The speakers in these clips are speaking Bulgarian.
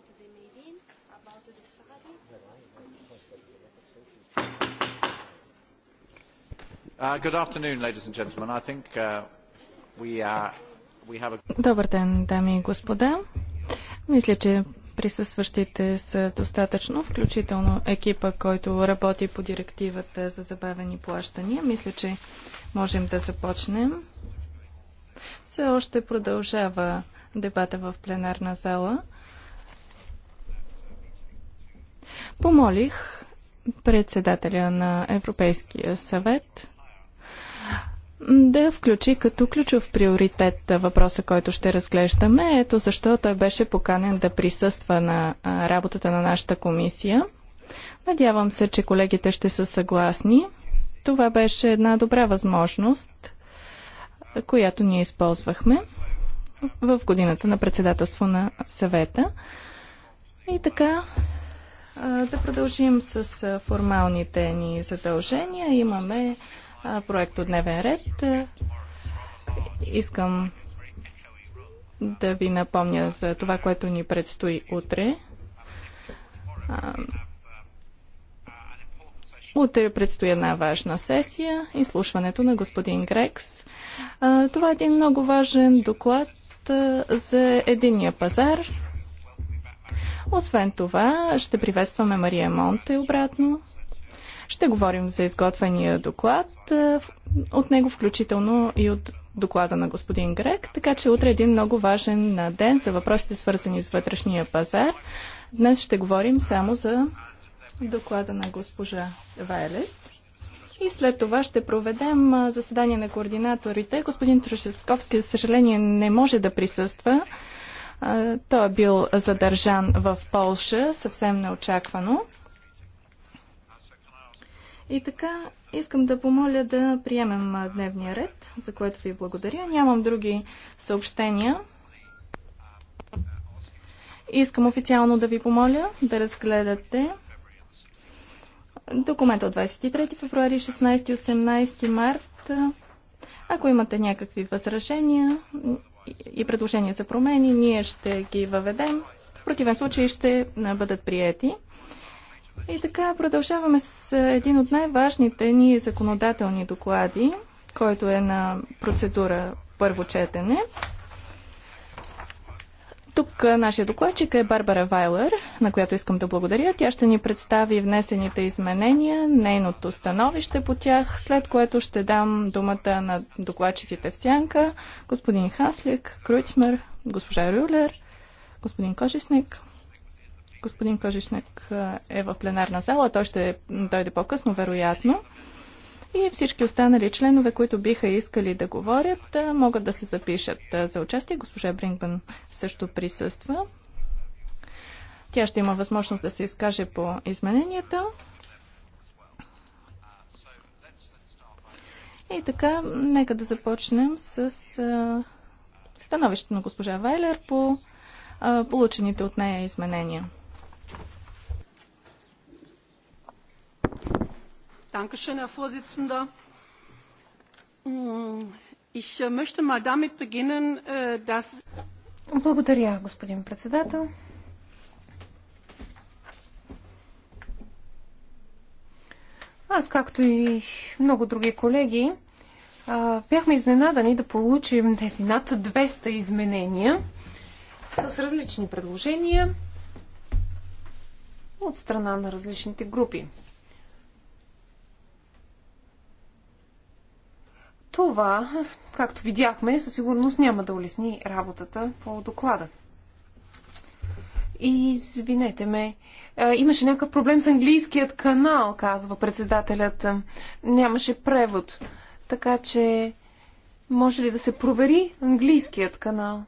about the meeting, about the study. Uh, good afternoon, ladies and gentlemen. I think uh, we, uh, we have a... Добър ден, дами и господа. Мисля, че присъстващите са достатъчно, включително екипа, който работи по директивата за забавени плащания. Мисля, че можем да започнем. Все още продължава дебата в пленарна зала помолих председателя на Европейския съвет да включи като ключов приоритет въпроса, който ще разглеждаме. Ето защо той беше поканен да присъства на работата на нашата комисия. Надявам се, че колегите ще са съгласни. Това беше една добра възможност, която ние използвахме в годината на председателство на съвета. И така, да продължим с формалните ни задължения. Имаме проект от дневен ред. Искам да ви напомня за това, което ни предстои утре. Утре предстои една важна сесия, изслушването на господин Грекс. Това е един много важен доклад за единния пазар, освен това, ще приветстваме Мария Монте обратно. Ще говорим за изготвения доклад, е, от него включително и от доклада на господин Грек, така че утре е един много важен ден за въпросите свързани с вътрешния пазар. Днес ще говорим само за доклада на госпожа Вайлес. И след това ще проведем заседание на координаторите. Господин Трошесковски, за съжаление, не може да присъства. Той е бил задържан в Полша, съвсем неочаквано. И така, искам да помоля да приемем дневния ред, за което ви благодаря. Нямам други съобщения. Искам официално да ви помоля да разгледате документа от 23 февруари, 16 18 март. Ако имате някакви възражения, и предложения за промени, ние ще ги въведем. В противен случай ще бъдат приети. И така продължаваме с един от най-важните ни законодателни доклади, който е на процедура първо четене. Тук нашия докладчик е Барбара Вайлер, на която искам да благодаря. Тя ще ни представи внесените изменения, нейното становище по тях, след което ще дам думата на докладчиците в сянка, господин Хаслик, Круйцмер, госпожа Рюлер, господин Кожишник. Господин Кожишник е в пленарна зала, той ще дойде по-късно, вероятно и всички останали членове, които биха искали да говорят, могат да се запишат за участие. Госпожа Брингбън също присъства. Тя ще има възможност да се изкаже по измененията. И така, нека да започнем с становището на госпожа Вайлер по получените от нея изменения. Dankeschön, Herr Vorsitzender. Mm, ich äh, möchte mal damit beginnen, äh, dass... Благодаря, господин председател. Аз, както и много други колеги, бяхме изненадани да получим тези над 200 изменения с различни предложения от страна на различните групи. Това, както видяхме, със сигурност няма да улесни работата по доклада. Извинете ме. Имаше някакъв проблем с английският канал, казва председателят. Нямаше превод. Така че, може ли да се провери английският канал?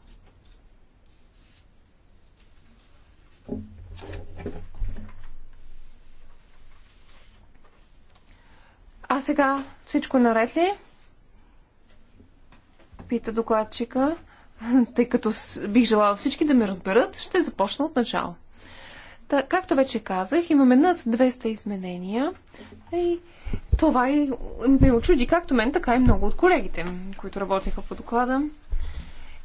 А сега всичко наред ли е? Пита докладчика, тъй като бих желала всички да ме разберат, ще започна от начало. Та, както вече казах, имаме над 200 изменения и това и ме очуди както мен, така и много от колегите, които работеха по доклада.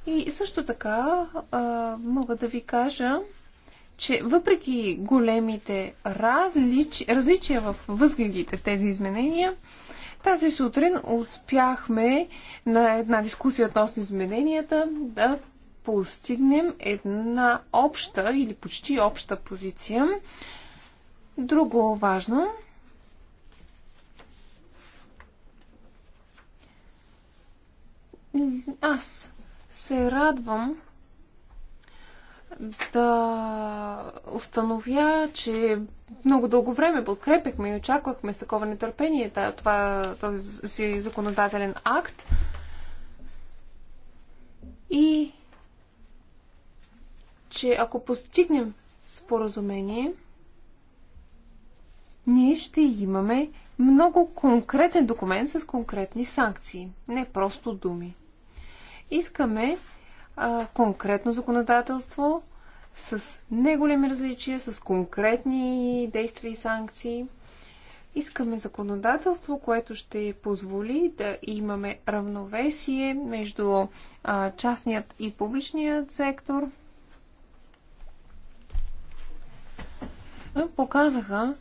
И също така а, мога да ви кажа, че въпреки големите различ... различия в възгледите в тези изменения, тази сутрин успяхме на една дискусия относно измененията да постигнем една обща или почти обща позиция. Друго важно аз се радвам, да установя, че много дълго време подкрепихме и очаквахме с такова нетърпение това, този законодателен акт. И че ако постигнем споразумение, ние ще имаме много конкретен документ с конкретни санкции, не просто думи. Искаме а, конкретно законодателство с неголеми различия, с конкретни действия и санкции. Искаме законодателство, което ще позволи да имаме равновесие между а, частният и публичният сектор. Показаха,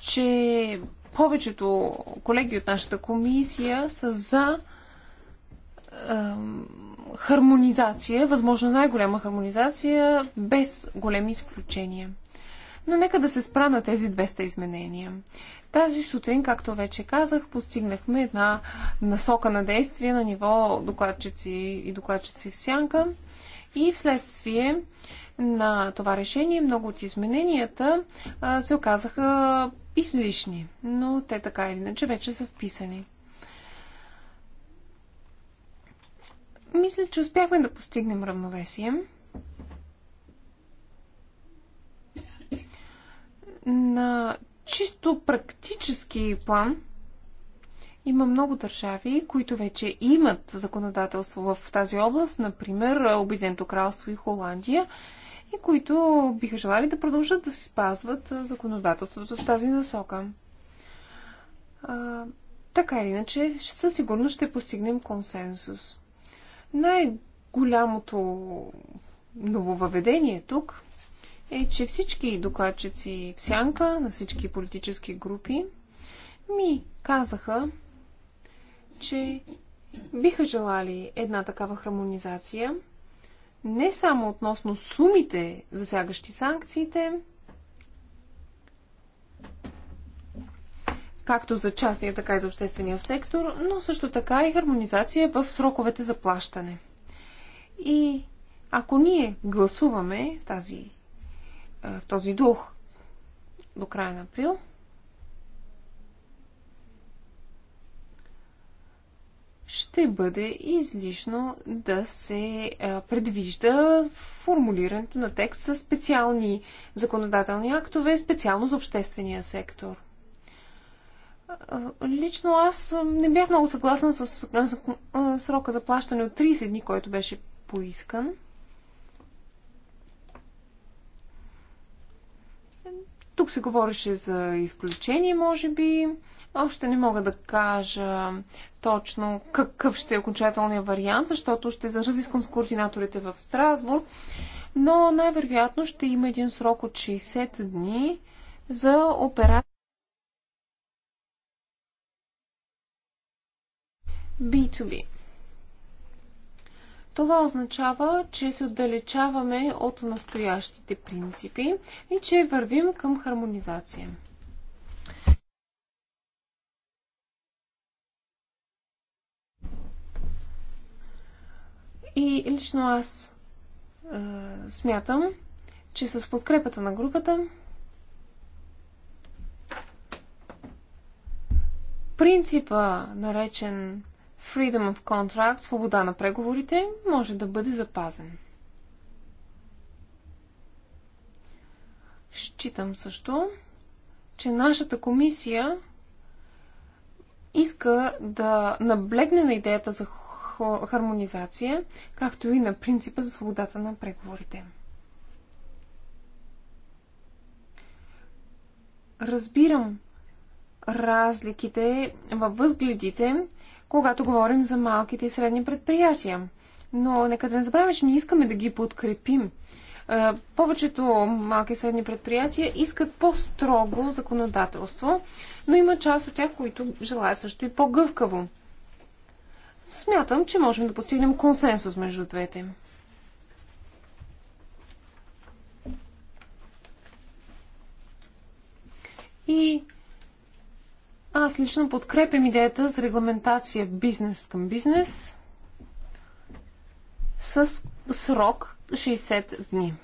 че повечето колеги от нашата комисия са за хармонизация, възможно най-голяма хармонизация, без големи изключения. Но нека да се спра на тези 200 изменения. Тази сутрин, както вече казах, постигнахме една насока на действие на ниво докладчици и докладчици в сянка. И вследствие на това решение много от измененията се оказаха излишни, но те така или иначе вече са вписани. Мисля, че успяхме да постигнем равновесие. На чисто практически план има много държави, които вече имат законодателство в тази област, например Обединеното кралство и Холандия, и които биха желали да продължат да си спазват законодателството в тази насока. А, така или иначе, със сигурност ще постигнем консенсус. Най-голямото нововъведение тук е, че всички докладчици в сянка на всички политически групи ми казаха, че биха желали една такава хармонизация, не само относно сумите, засягащи санкциите, както за частния, така и за обществения сектор, но също така и хармонизация в сроковете за плащане. И ако ние гласуваме тази, в този дух до края на април, ще бъде излишно да се предвижда формулирането на текст с специални законодателни актове, специално за обществения сектор – Лично аз не бях много съгласна с срока за плащане от 30 дни, който беше поискан. Тук се говореше за изключение, може би. Още не мога да кажа точно какъв ще е окончателният вариант, защото ще заразискам с координаторите в Страсбург. Но най-вероятно ще има един срок от 60 дни за операция B2B. Това означава, че се отдалечаваме от настоящите принципи и че вървим към хармонизация. И лично аз е, смятам, че с подкрепата на групата принципа, наречен Freedom of Contract, свобода на преговорите, може да бъде запазен. Считам също, че нашата комисия иска да наблегне на идеята за хармонизация, както и на принципа за свободата на преговорите. Разбирам разликите във възгледите когато говорим за малките и средни предприятия. Но нека да не забравяме, че ние искаме да ги подкрепим. Е, повечето малки и средни предприятия искат по-строго законодателство, но има част от тях, които желаят също и по-гъвкаво. Смятам, че можем да постигнем консенсус между двете. И аз лично подкрепям идеята за регламентация бизнес към бизнес с срок 60 дни.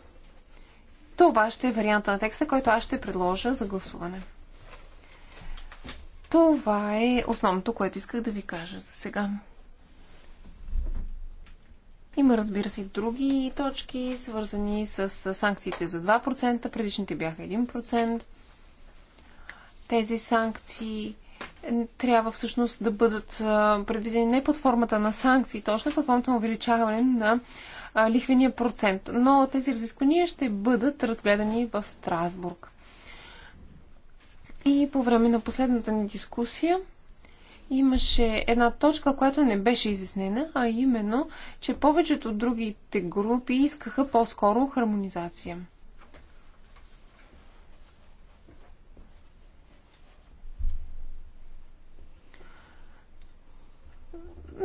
Това ще е варианта на текста, който аз ще предложа за гласуване. Това е основното, което исках да ви кажа за сега. Има, разбира се, и други точки, свързани с санкциите за 2%. Предишните бяха 1%. Тези санкции е, трябва всъщност да бъдат е, предвидени не под формата на санкции, точно под формата на увеличаване на лихвения процент. Но тези разисквания ще бъдат разгледани в Страсбург. И по време на последната ни дискусия имаше една точка, която не беше изяснена, а именно, че повечето от другите групи искаха по-скоро хармонизация.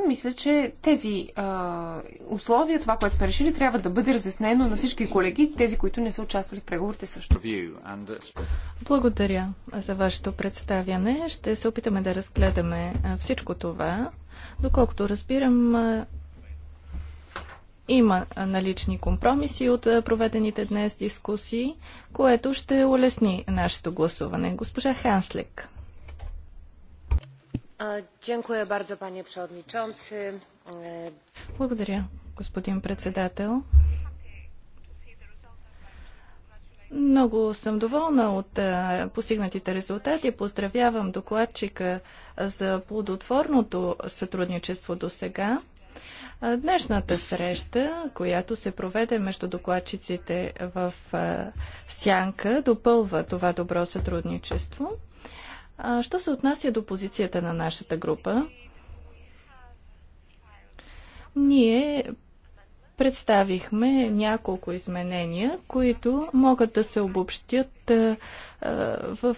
мисля, че тези а, условия, това, което сме решили, трябва да бъде разяснено на всички колеги, тези, които не са участвали в преговорите също. Благодаря за вашето представяне. Ще се опитаме да разгледаме всичко това. Доколкото разбирам, има налични компромиси от проведените днес дискусии, което ще улесни нашето гласуване. Госпожа Ханслик. Благодаря, господин председател. Много съм доволна от постигнатите резултати. Поздравявам докладчика за плодотворното сътрудничество до сега. Днешната среща, която се проведе между докладчиците в Сянка, допълва това добро сътрудничество. А, що се отнася до позицията на нашата група, ние представихме няколко изменения, които могат да се обобщят в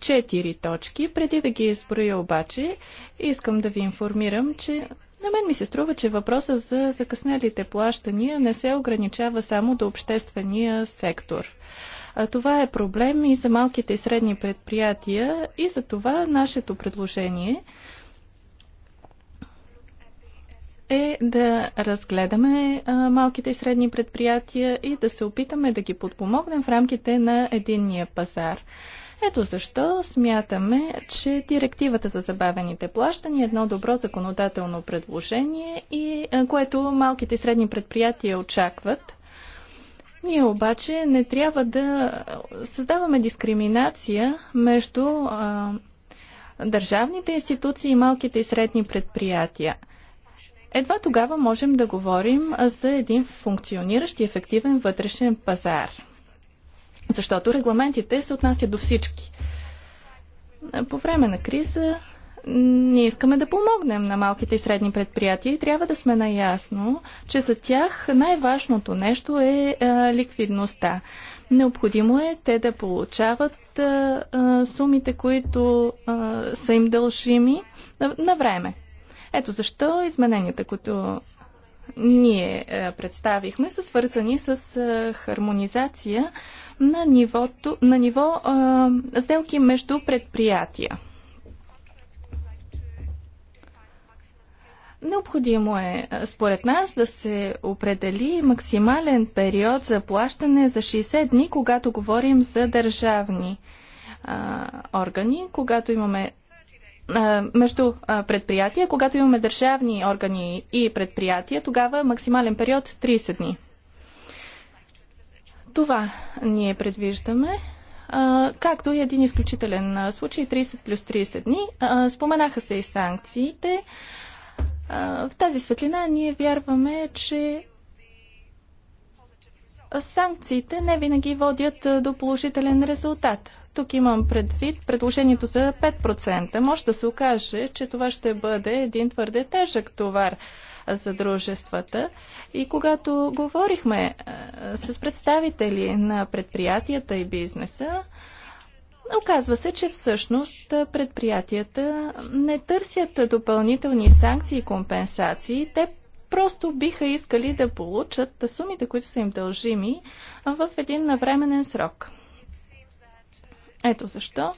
четири точки. Преди да ги изброя обаче, искам да ви информирам, че на мен ми се струва, че въпроса за закъснелите плащания не се ограничава само до обществения сектор. Това е проблем и за малките и средни предприятия и за това нашето предложение е да разгледаме малките и средни предприятия и да се опитаме да ги подпомогнем в рамките на единния пазар. Ето защо смятаме, че директивата за забавените плащания е едно добро законодателно предложение, и, е, което малките и средни предприятия очакват. Ние обаче не трябва да създаваме дискриминация между а, държавните институции и малките и средни предприятия. Едва тогава можем да говорим за един функциониращ и ефективен вътрешен пазар защото регламентите се отнасят до всички. По време на криза ние искаме да помогнем на малките и средни предприятия и трябва да сме наясно, че за тях най-важното нещо е а, е, ликвидността. Необходимо е те да получават а, е, а, е, сумите, които а, са им дължими на, на време. Ето защо измененията, които ние а, представихме, са свързани с а, хармонизация на, нивото, на ниво а, сделки между предприятия. Необходимо е, според нас, да се определи максимален период за плащане за 60 дни, когато говорим за държавни а, органи, когато имаме а, между а, предприятия, когато имаме държавни органи и предприятия, тогава максимален период 30 дни. Това ние предвиждаме както и един изключителен случай 30 плюс 30 дни. Споменаха се и санкциите. В тази светлина ние вярваме, че санкциите не винаги водят до положителен резултат. Тук имам предвид предложението за 5%. Може да се окаже, че това ще бъде един твърде тежък товар за дружествата. И когато говорихме е, с представители на предприятията и бизнеса, Оказва се, че всъщност предприятията не търсят допълнителни санкции и компенсации. Те просто биха искали да получат сумите, които са им дължими в един навременен срок. Ето защо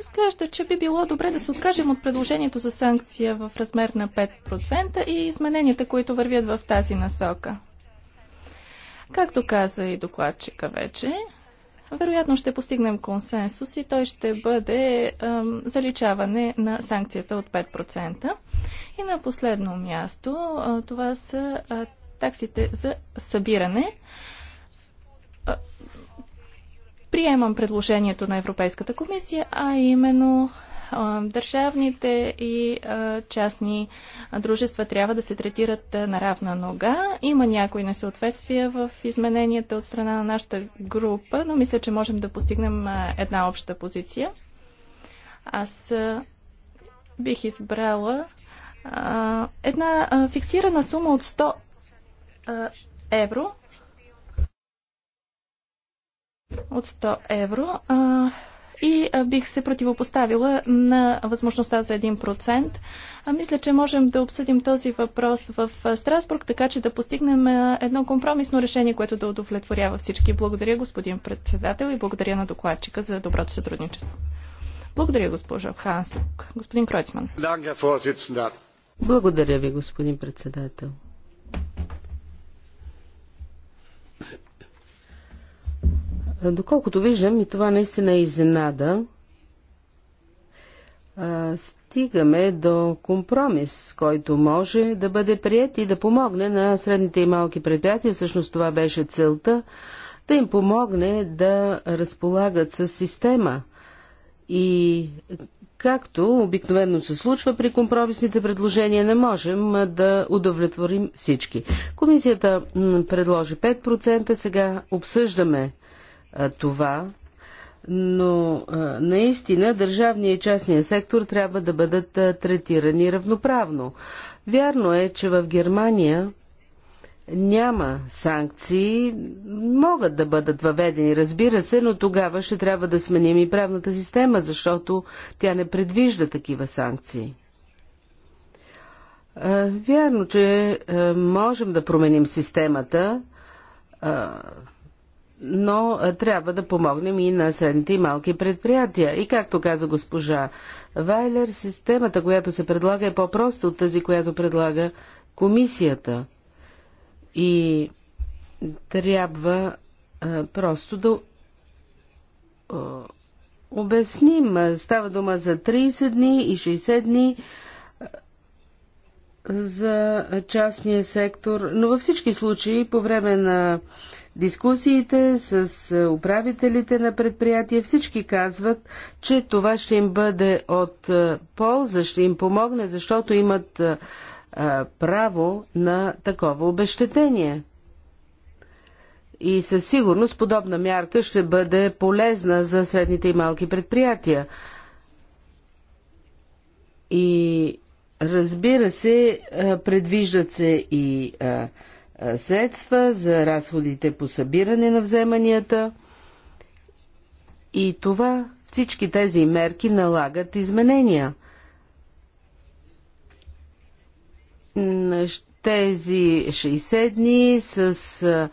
Изглежда, че би било добре да се откажем от предложението за санкция в размер на 5% и измененията, които вървят в тази насока. Както каза и докладчика вече, вероятно ще постигнем консенсус и той ще бъде ем, заличаване на санкцията от 5%. И на последно място, е, това са е, таксите за събиране приемам предложението на Европейската комисия, а именно държавните и частни дружества трябва да се третират на равна нога. Има някои несъответствия в измененията от страна на нашата група, но мисля, че можем да постигнем една обща позиция. Аз бих избрала една фиксирана сума от 100 евро от 100 евро а, и а, бих се противопоставила на възможността за 1%. А, мисля, че можем да обсъдим този въпрос в Страсбург, така че да постигнем едно компромисно решение, което да удовлетворява всички. Благодаря, господин председател, и благодаря на докладчика за доброто сътрудничество. Благодаря, госпожа Ханслук. Господин Кройцман. Благодаря ви, господин председател. Доколкото виждам, и това наистина е изненада, стигаме до компромис, който може да бъде прият и да помогне на средните и малки предприятия. Всъщност това беше целта да им помогне да разполагат с система. И както обикновено се случва при компромисните предложения, не можем да удовлетворим всички. Комисията предложи 5%, сега обсъждаме това, но наистина държавния и частния сектор трябва да бъдат третирани равноправно. Вярно е, че в Германия няма санкции, могат да бъдат въведени, разбира се, но тогава ще трябва да сменим и правната система, защото тя не предвижда такива санкции. Вярно, че можем да променим системата, но е, трябва да помогнем и на средните и малки предприятия. И както каза госпожа Вайлер, системата, която се предлага е по-проста от тази, която предлага комисията. И трябва а, е, просто да а, е, обясним. Става дума за 30 дни и 60 дни за частния сектор, но във всички случаи по време на дискусиите с е, управителите на предприятия, всички казват, че това ще им бъде от е, полза, ще им помогне, защото имат е, право на такова обещетение. И със сигурност подобна мярка ще бъде полезна за средните и малки предприятия. И разбира се, предвиждат се и средства, за разходите по събиране на вземанията. И това всички тези мерки налагат изменения. Тези 60 дни с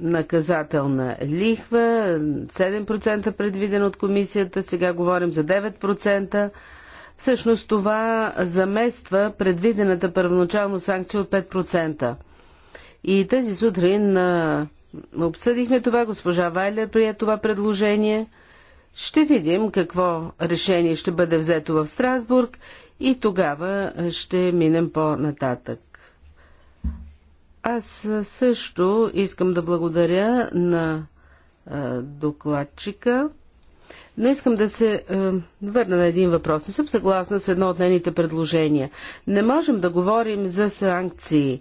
наказателна лихва, 7% предвиден от комисията, сега говорим за 9%. Всъщност това замества предвидената първоначално санкция от 5%. И тези сутрин обсъдихме това, госпожа Вайлер прие това предложение. Ще видим какво решение ще бъде взето в Страсбург и тогава ще минем по-нататък. Аз също искам да благодаря на докладчика. Но искам да се е, върна на един въпрос. Не съм съгласна с едно от нейните предложения. Не можем да говорим за санкции.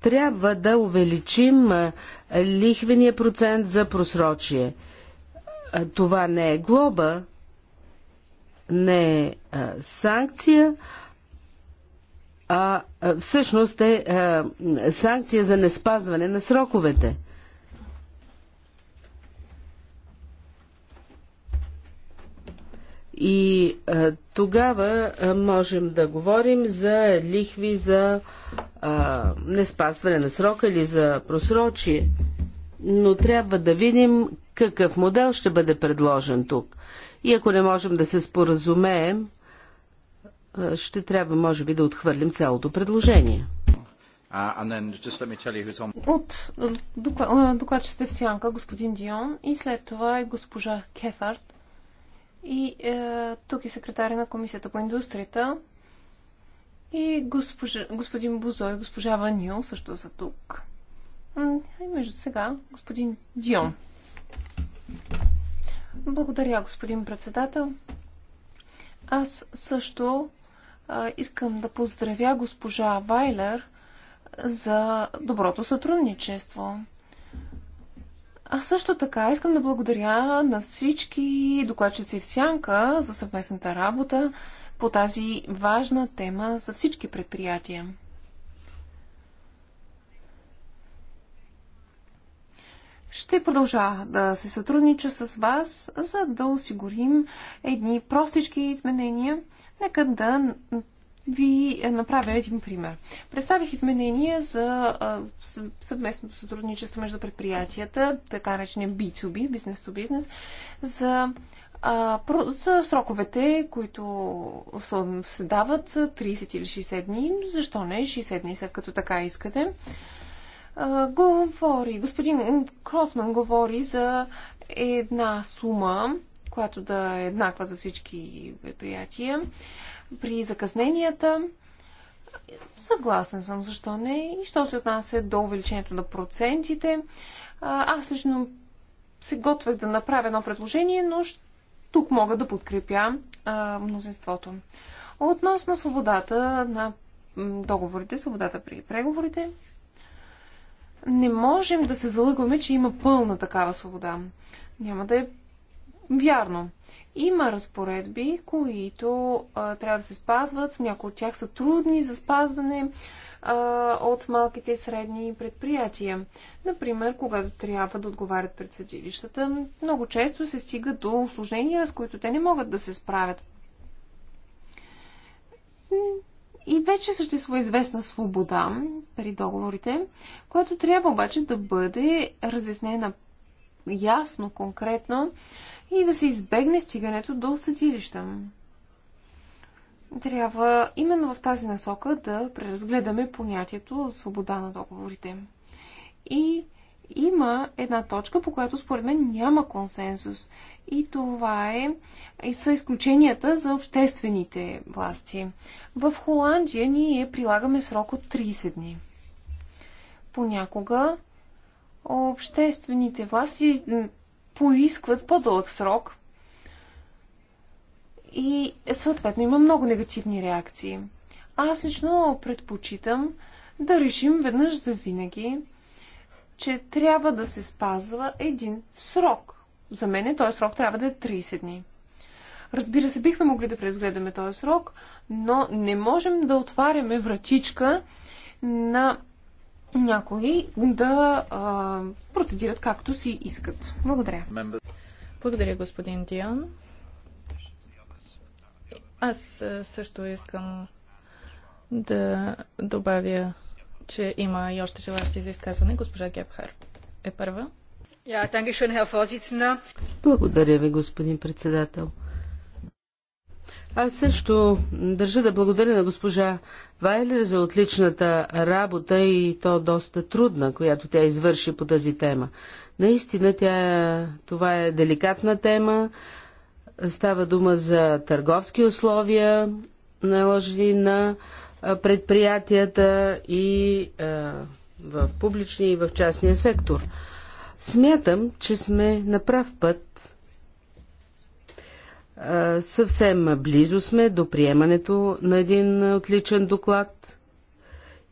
Трябва да увеличим е, лихвения процент за просрочие. Е, това не е глоба, не е, е санкция, а е, всъщност е санкция за неспазване на сроковете. И а, е, тогава а, е, можем да говорим за лихви за а, е, неспазване на срока или за просрочие. Но трябва да видим какъв модел ще бъде предложен тук. И ако не можем да се споразумеем, а, ще трябва, може би, да отхвърлим цялото предложение. От докладчета докладчите в сянка господин Дион и след това е госпожа Кефарт и е, тук е секретаря на Комисията по индустрията. И госпожа, господин Бузо и госпожа Ванил също са тук. И между сега господин Дион. Благодаря, господин председател. Аз също е, искам да поздравя госпожа Вайлер за доброто сътрудничество. А също така искам да благодаря на всички докладчици в Сянка за съвместната работа по тази важна тема за всички предприятия. Ще продължа да се сътруднича с вас, за да осигурим едни простички изменения. Нека да ви направя един пример. Представих изменения за съвместното сътрудничество между предприятията, така наречения B2B, бизнес to бизнес, за, за сроковете, които се дават 30 или 60 дни. Защо не 60 дни, след като така искате? Говори, господин Кросман говори за една сума, която да е еднаква за всички предприятия при закъсненията. Съгласен съм, защо не. И що се отнася до увеличението на процентите, аз лично се готвех да направя едно предложение, но тук мога да подкрепя а, мнозинството. Относно свободата на договорите, свободата при преговорите, не можем да се залъгваме, че има пълна такава свобода. Няма да е вярно. Има разпоредби, които а, трябва да се спазват. Някои от тях са трудни за спазване а, от малките и средни предприятия. Например, когато трябва да отговарят пред съдилищата, много често се стига до осложнения, с които те не могат да се справят. И вече съществува известна свобода при договорите, която трябва обаче да бъде разяснена ясно, конкретно, и да се избегне стигането до съдилища. Трябва именно в тази насока да преразгледаме понятието свобода на договорите. И има една точка, по която според мен няма консенсус. И това е, и са изключенията за обществените власти. В Холандия ние прилагаме срок от 30 дни. Понякога обществените власти поискват по-дълъг срок и съответно има много негативни реакции. Аз лично предпочитам да решим веднъж за винаги, че трябва да се спазва един срок. За мен е този срок трябва да е 30 дни. Разбира се, бихме могли да преизгледаме този срок, но не можем да отваряме вратичка на някои да а, процедират както си искат. Благодаря. Благодаря, господин Диан. Аз също искам да добавя, че има и още желащи за изказване. Госпожа Гебхард е първа. Благодаря ви, господин председател. Аз също държа да благодаря на госпожа Вайлер за отличната работа и то доста трудна, която тя извърши по тази тема. Наистина тя, това е деликатна тема. Става дума за търговски условия, наложени на предприятията и в публичния и в частния сектор. Смятам, че сме на прав път Съвсем близо сме до приемането на един отличен доклад.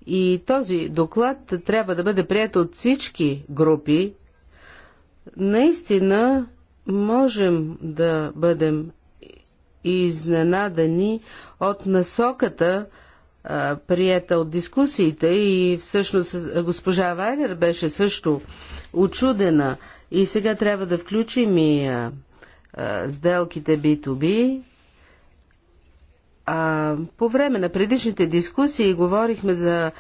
И този доклад трябва да бъде прият от всички групи. Наистина можем да бъдем изненадани от насоката, прията от дискусиите и всъщност госпожа Вайлер беше също очудена и сега трябва да включим и сделките B2B. А, по време на предишните дискусии говорихме за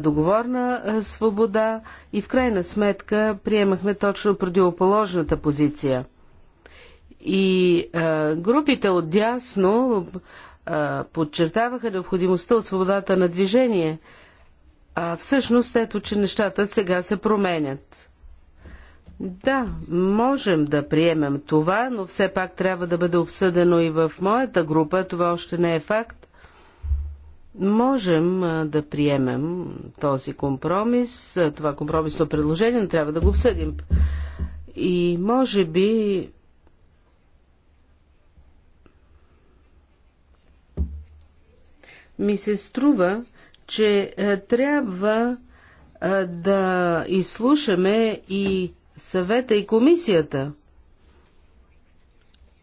договорна свобода и в крайна сметка приемахме точно противоположната позиция. И а, групите от дясно подчертаваха необходимостта от свободата на движение, а всъщност ето, че нещата сега се променят. Да, можем да приемем това, но все пак трябва да бъде обсъдено и в моята група. Това още не е факт. Можем да приемем този компромис, това компромисно предложение, но трябва да го обсъдим. И може би ми се струва, че трябва да изслушаме и съвета и комисията.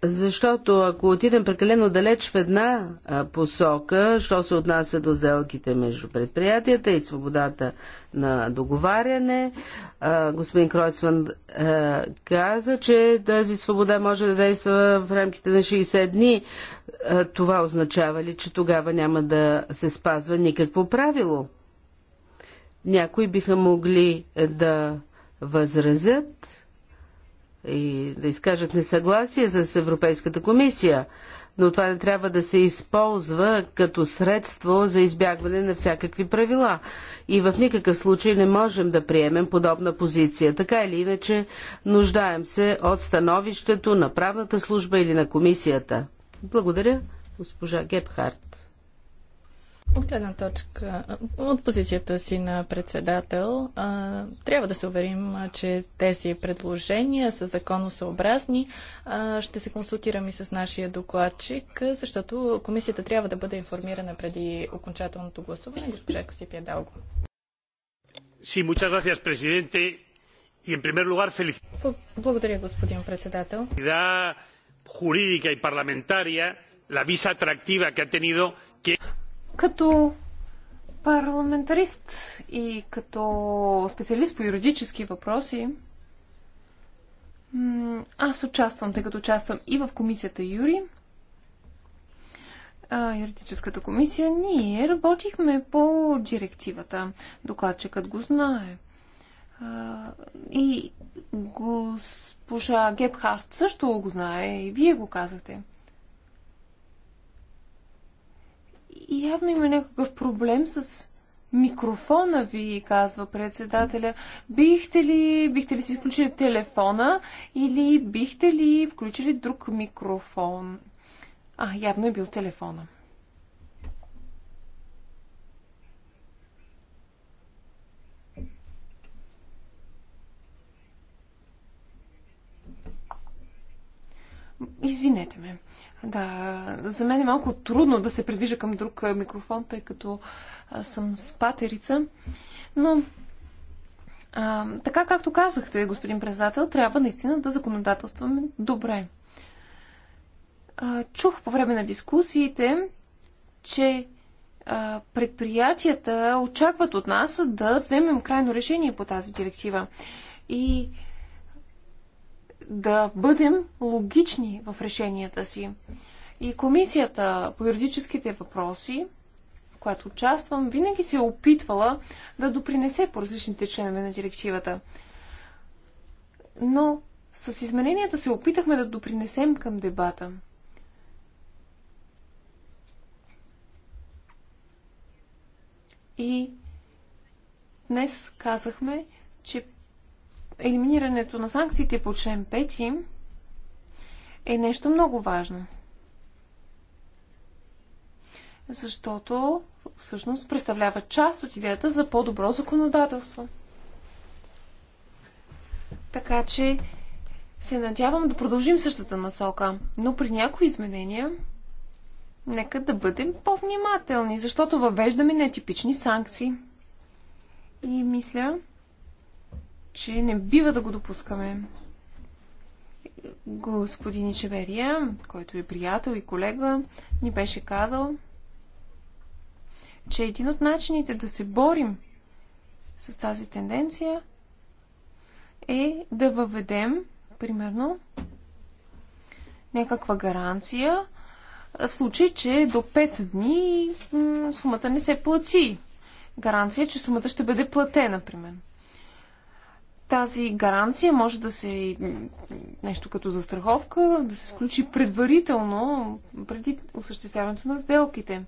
Защото ако отидем прекалено далеч в една посока, що се отнася до сделките между предприятията и свободата на договаряне, господин Кройцман каза, че тази свобода може да действа в рамките на 60 дни. това означава ли, че тогава няма да се спазва никакво правило? Някои биха могли да възразят и да изкажат несъгласие с Европейската комисия, но това не трябва да се използва като средство за избягване на всякакви правила. И в никакъв случай не можем да приемем подобна позиция. Така или иначе, нуждаем се от становището на правната служба или на комисията. Благодаря, госпожа Гепхарт. От гледна точка, от позицията си на председател, трябва да се уверим, че тези предложения са законосъобразни. Ще се консултирам и с нашия докладчик, защото комисията трябва да бъде информирана преди окончателното гласуване. Госпожа Косипия Далго. Sí, muchas gracias, presidente. Y en primer lugar, felicidades. Благодаря, господин председател. Jurídica и parlamentaria, la visa atractiva que ha tenido que като парламентарист и като специалист по юридически въпроси, аз участвам, тъй като участвам и в комисията Юри, юридическата комисия, ние работихме по директивата. Докладчикът го знае. И госпожа Гебхарт също го знае и вие го казахте. Явно има някакъв проблем с микрофона ви, казва председателя. Бихте ли, бихте ли си изключили телефона или бихте ли включили друг микрофон? А, явно е бил телефона. Извинете ме. Да, за мен е малко трудно да се придвижа към друг микрофон, тъй като аз съм с патерица. Но, а, така както казахте, господин председател, трябва наистина да законодателстваме добре. А, чух по време на дискусиите, че а, предприятията очакват от нас да вземем крайно решение по тази директива. И да бъдем логични в решенията си. И комисията по юридическите въпроси, в която участвам, винаги се е опитвала да допринесе по различните членове на директивата. Но с измененията се опитахме да допринесем към дебата. И днес казахме, че елиминирането на санкциите по член 5 е нещо много важно. Защото всъщност представлява част от идеята за по-добро законодателство. Така че се надявам да продължим същата насока, но при някои изменения нека да бъдем по-внимателни, защото въвеждаме нетипични санкции. И мисля, че не бива да го допускаме. Господин Ичеверия, който е приятел и колега, ни беше казал, че един от начините да се борим с тази тенденция е да въведем, примерно, някаква гаранция в случай, че до 5 дни сумата не се плати. Гаранция, че сумата ще бъде платена, примерно тази гаранция може да се нещо като застраховка, да се включи предварително преди осъществяването на сделките.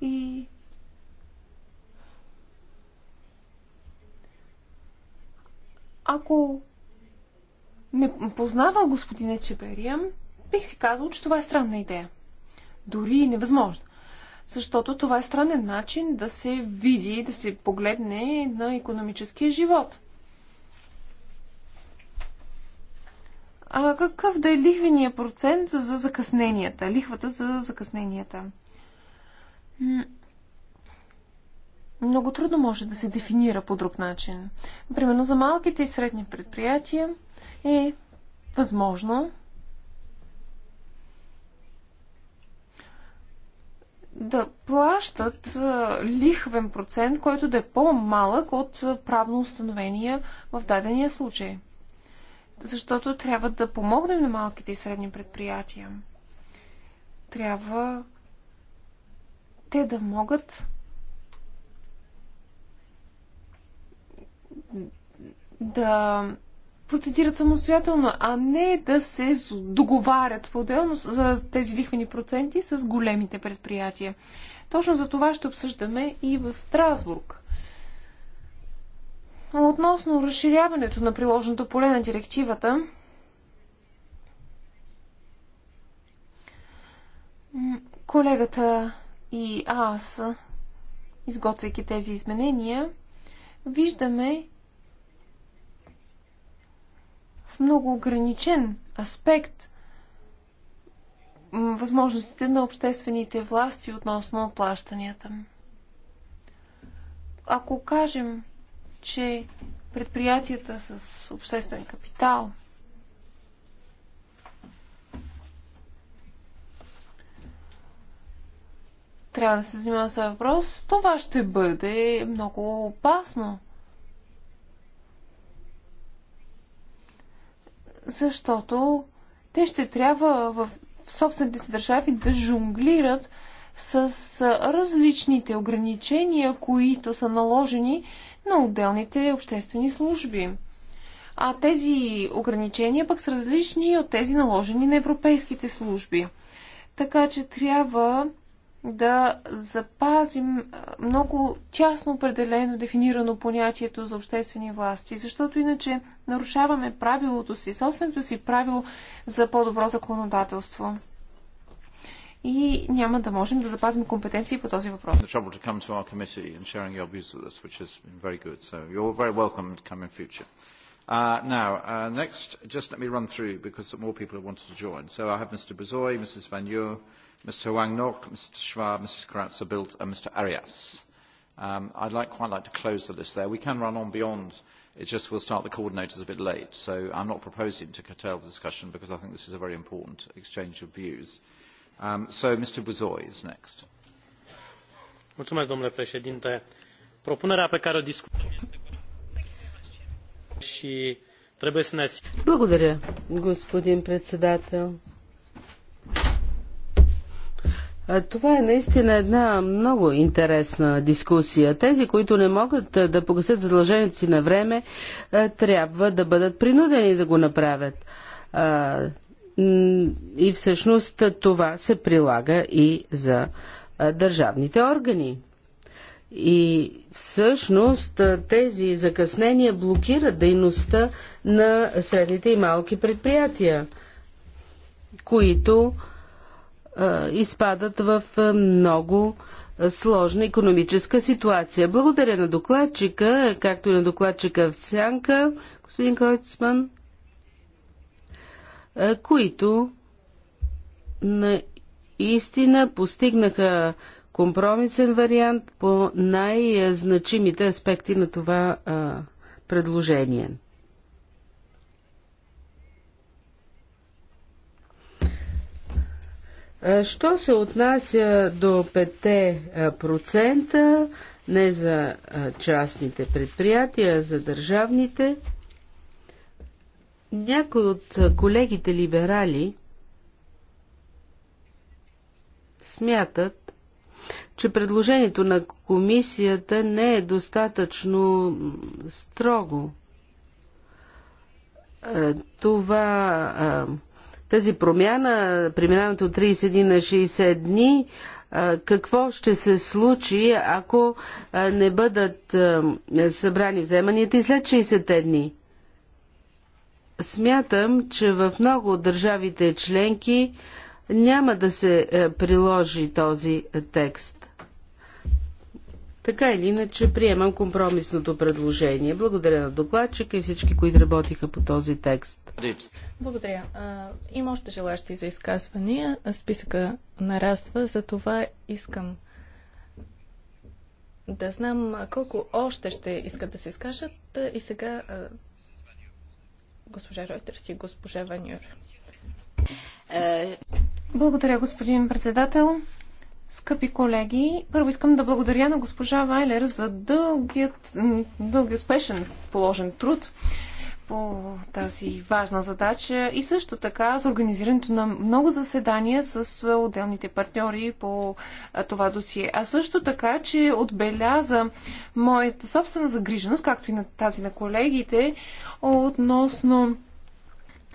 И ако не познава господине Чеберия, бих си казал, че това е странна идея. Дори невъзможно защото това е странен начин да се види, да се погледне на економическия живот. А какъв да е лихвения процент за закъсненията? Лихвата за закъсненията. Много трудно може да се дефинира по друг начин. Примерно за малките и средни предприятия е възможно да плащат лихвен процент, който да е по-малък от правно установения в дадения случай. Защото трябва да помогнем на малките и средни предприятия. Трябва те да могат да процедират самостоятелно, а не да се договарят по-отделно за тези лихвени проценти с големите предприятия. Точно за това ще обсъждаме и в Страсбург. Относно разширяването на приложното поле на директивата, колегата и аз, изготвяйки тези изменения, виждаме, в много ограничен аспект възможностите на обществените власти относно плащанията. Ако кажем, че предприятията с обществен капитал трябва да се занимава с въпрос, това ще бъде много опасно. защото те ще трябва в собствените си държави да жонглират с различните ограничения, които са наложени на отделните обществени служби. А тези ограничения пък са различни от тези наложени на европейските служби. Така че трябва да запазим много тясно определено дефинирано понятието за обществени власти, защото иначе нарушаваме правилото си, собственото си правило за по-добро законодателство. И няма да можем да запазим компетенции по този въпрос. Uh, now, uh, next, just let me run through because more people have wanted to join. So I have Mr. Bazoy, Mrs. Van Yeo, Mr. Wangnor, Mr. Schwab, Mrs. Karatsa-Bilt, and Mr. Arias. Um, I'd like, quite like to close the list there. We can run on beyond. It's just will start the coordinators a bit late. So I'm not proposing to curtail the discussion because I think this is a very important exchange of views. Um, so Mr. Buzoy is next. Mulțumesc, domnule președinte. Propunerea pe care o discutăm este și trebuie să ne Благодаря, господин председател. Това е наистина една много интересна дискусия. Тези, които не могат да погасят задълженията си на време, трябва да бъдат принудени да го направят. И всъщност това се прилага и за държавните органи. И всъщност тези закъснения блокират дейността на средните и малки предприятия, които изпадат в много сложна економическа ситуация. Благодаря на докладчика, както и на докладчика в Сянка, господин Кройцман, които наистина постигнаха компромисен вариант по най-значимите аспекти на това предложение. Е, що се отнася до 5% е, не за е, частните предприятия, а за държавните, Някои от колегите либерали смятат, че предложението на комисията не е достатъчно строго. Това тази промяна, преминаването от 31 на 60 дни, какво ще се случи, ако не бъдат събрани вземанията и след 60-те дни? Смятам, че в много от държавите членки няма да се приложи този текст. Така или иначе приемам компромисното предложение. Благодаря на докладчика и всички, които работиха по този текст. Благодаря. Има още желащи за изказвания. Списъка нараства, за това искам да знам колко още ще искат да се изкажат. И сега госпожа Ройтерс и госпожа Ваньор. Благодаря, господин председател. Скъпи колеги, първо искам да благодаря на госпожа Вайлер за дългият, дълги успешен положен труд по тази важна задача и също така за организирането на много заседания с отделните партньори по това досие. А също така, че отбеляза моята собствена загриженост, както и на тази на колегите, относно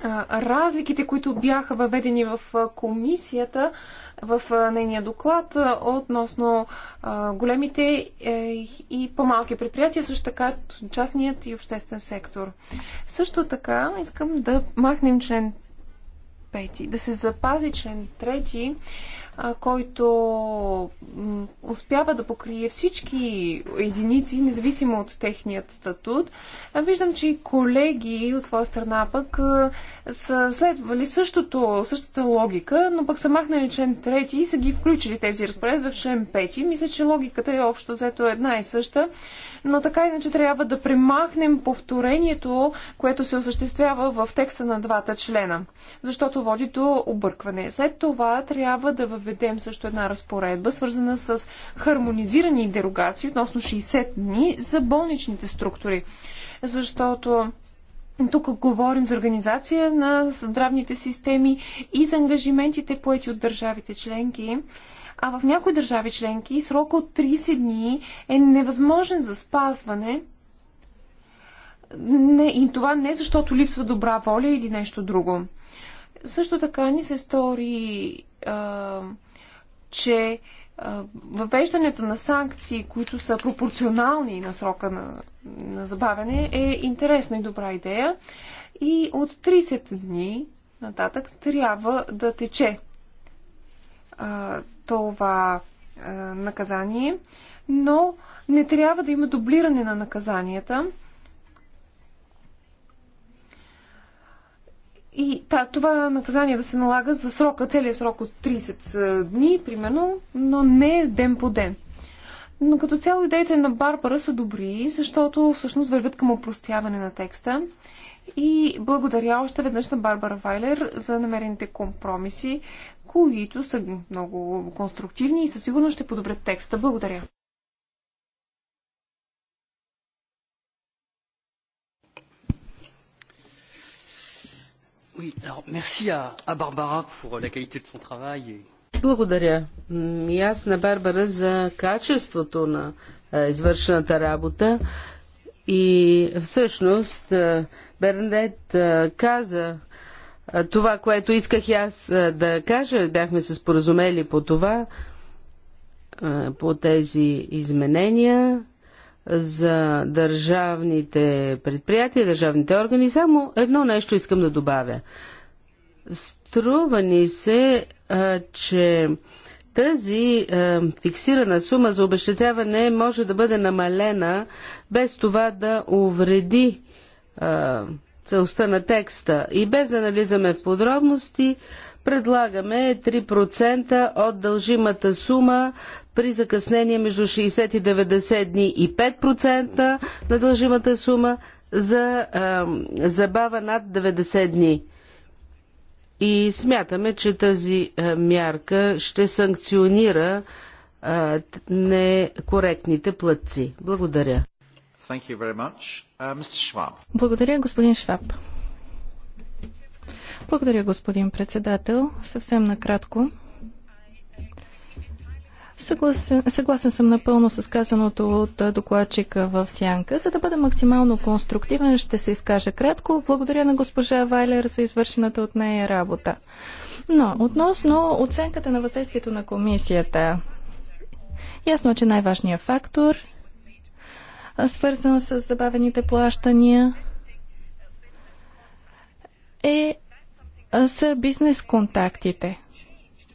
разликите, които бяха въведени в комисията, в нейния доклад относно големите е, и по-малки предприятия, също така частният и обществен сектор. Също така искам да махнем член 5, да се запази член 3, който успява да покрие всички единици, независимо от техният статут. Виждам, че и колеги от своя страна пък са следвали същото, същата логика, но пък са махнали член 3 и са ги включили тези разпоредби в член 5. Мисля, че логиката е общо взето една и съща, но така иначе трябва да премахнем повторението, което се осъществява в текста на двата члена, защото води до объркване. След това трябва да въведем също една разпоредба, свързана с хармонизирани дерогации относно 60 дни за болничните структури, защото тук говорим за организация на здравните системи и за ангажиментите поети от държавите членки. А в някои държави членки срок от 30 дни е невъзможен за спазване. Не, и това не защото липсва добра воля или нещо друго. Също така ни се стори, а, че въвеждането на санкции, които са пропорционални на срока на, на забавяне, е интересна и добра идея. И от 30 дни нататък трябва да тече а, това а, наказание, но не трябва да има дублиране на наказанията. И та, това наказание да се налага за срока, целият срок от 30 е, дни, примерно, но не ден по ден. Но като цяло идеите на Барбара са добри, защото всъщност вървят към опростяване на текста. И благодаря още веднъж на Барбара Вайлер за намерените компромиси, които са много конструктивни и със сигурност ще подобрят текста. Благодаря. Euh, Благодаря и аз на Барбара за качеството на е, извършената работа и всъщност е, Бернет е, каза това, което исках и аз да кажа. Бяхме се споразумели по това, по тези изменения за държавните предприятия, държавните органи, само едно нещо искам да добавя. Струва ни се, а, че тази а, фиксирана сума за обещетяване може да бъде намалена без това да увреди а, целостта на текста. И без да навлизаме в подробности, предлагаме 3% от дължимата сума при закъснение между 60 и 90 дни и 5% на дължимата сума за забава над 90 дни. И смятаме, че тази мярка ще санкционира некоректните плътци. Благодаря. Uh, Благодаря, господин Шваб. Благодаря, господин председател. Съвсем накратко. Съгласен, съгласен съм напълно с казаното от докладчика в Сянка. За да бъда максимално конструктивен, ще се изкажа кратко. Благодаря на госпожа Вайлер за извършената от нея работа. Но, относно оценката на въздействието на комисията, ясно, е, че най-важният фактор, свързан с забавените плащания, е са бизнес контактите.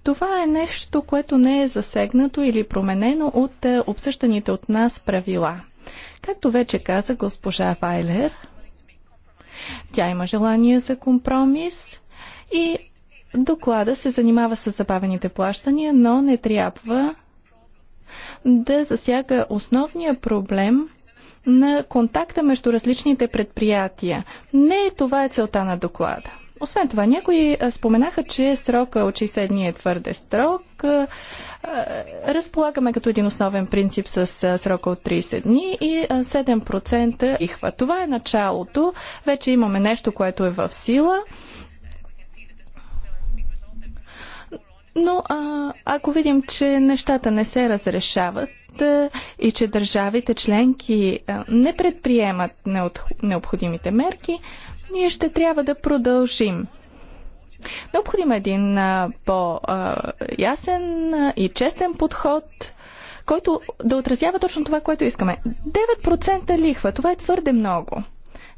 Това е нещо, което не е засегнато или променено от е, обсъщаните от нас правила. Както вече каза госпожа Вайлер, тя има желание за компромис и доклада се занимава с забавените плащания, но не трябва да засяга основния проблем на контакта между различните предприятия. Не това е целта на доклада. Освен това, някои е, споменаха, че срока от 60 дни е твърде строг. Е, е, разполагаме като един основен принцип с срока от 30 дни и 7% ихва. Това е началото. Вече имаме нещо, което е в сила. Но а, ако видим, че нещата не се разрешават а, и че държавите членки а, не предприемат необходимите мерки, а, ние ще трябва да продължим. Необходим е един по-ясен и честен подход, който да отразява точно това, което искаме. 9% лихва, това е твърде много.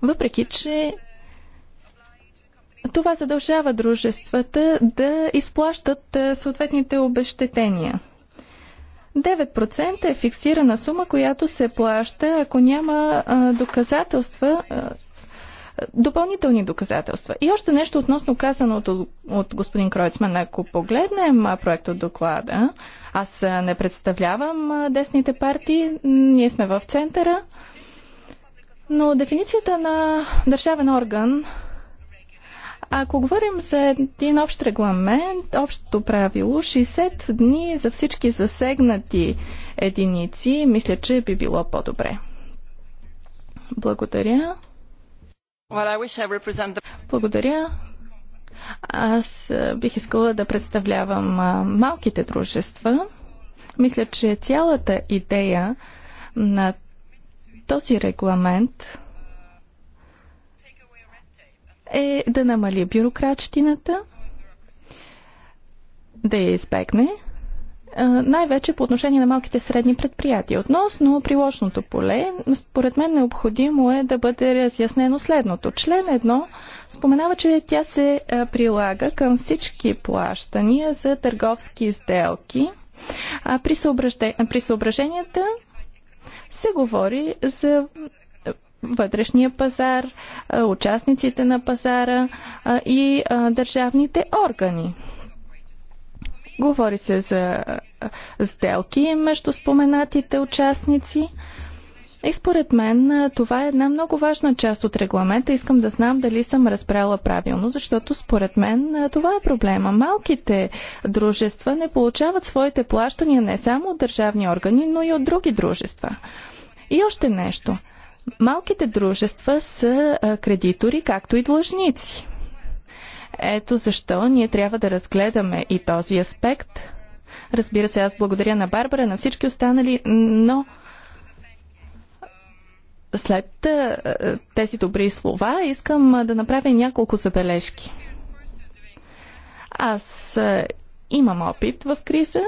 Въпреки, че това задължава дружествата да изплащат съответните обещетения. 9% е фиксирана сума, която се плаща, ако няма а, доказателства, а, допълнителни доказателства. И още нещо относно казаното от, от господин Кройцман. Ако погледнем проект от доклада, аз не представлявам десните партии, ние сме в центъра, но дефиницията на държавен орган ако говорим за един общ регламент, общото правило, 60 дни за всички засегнати единици, мисля, че би било по-добре. Благодаря. Благодаря. Аз бих искала да представлявам малките дружества. Мисля, че цялата идея на този регламент е да намали бюрократщината, да я избегне най-вече по отношение на малките средни предприятия. Относно приложното поле, според мен необходимо е да бъде разяснено следното. Член 1 споменава, че тя се прилага към всички плащания за търговски сделки. А при, съображен... при съображенията се говори за вътрешния пазар, участниците на пазара и държавните органи. Говори се за сделки между споменатите участници. И според мен това е една много важна част от регламента. Искам да знам дали съм разбрала правилно, защото според мен това е проблема. Малките дружества не получават своите плащания не само от държавни органи, но и от други дружества. И още нещо. Малките дружества са кредитори, както и длъжници. Ето защо ние трябва да разгледаме и този аспект. Разбира се, аз благодаря на Барбара, на всички останали, но след тези добри слова искам да направя няколко забележки. Аз имам опит в криза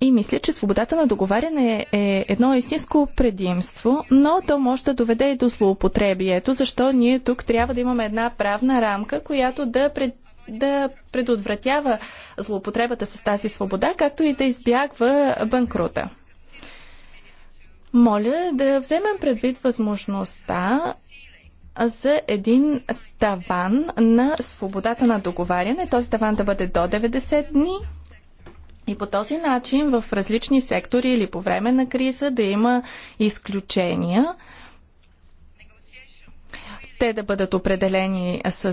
и мисля, че свободата на договаряне е, е едно истинско предимство, но то може да доведе и до злоупотреби. Ето защо ние тук трябва да имаме една правна рамка, която да, пред, да предотвратява злоупотребата с тази свобода, както и да избягва банкрута. Моля да вземем предвид възможността за един таван на свободата на договаряне. Този таван да бъде до 90 дни и по този начин в различни сектори или по време на криза да има изключения, те да бъдат определени с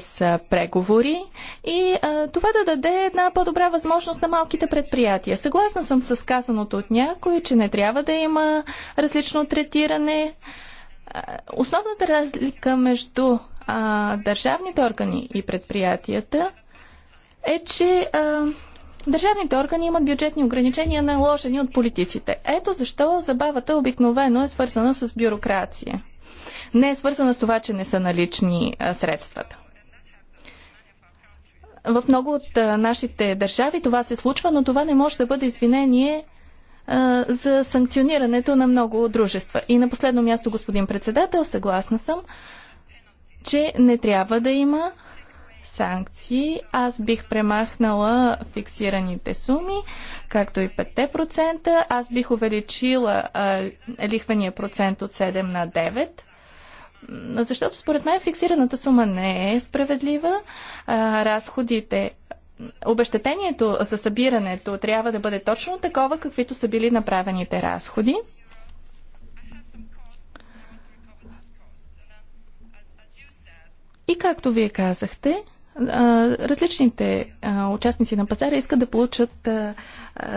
преговори и а, това да даде една по-добра възможност на малките предприятия. Съгласна съм с казаното от някой, че не трябва да има различно третиране. Основната разлика между а, държавните органи и предприятията е, че а, Държавните органи имат бюджетни ограничения, наложени от политиците. Ето защо забавата обикновено е свързана с бюрокрация. Не е свързана с това, че не са налични средствата. В много от нашите държави това се случва, но това не може да бъде извинение за санкционирането на много дружества. И на последно място, господин председател, съгласна съм, че не трябва да има санкции, аз бих премахнала фиксираните суми, както и 5%. Аз бих увеличила а, лихвения процент от 7 на 9 защото според мен фиксираната сума не е справедлива. А, разходите, обещетението за събирането трябва да бъде точно такова, каквито са били направените разходи. И както вие казахте, различните участници на пазара искат да получат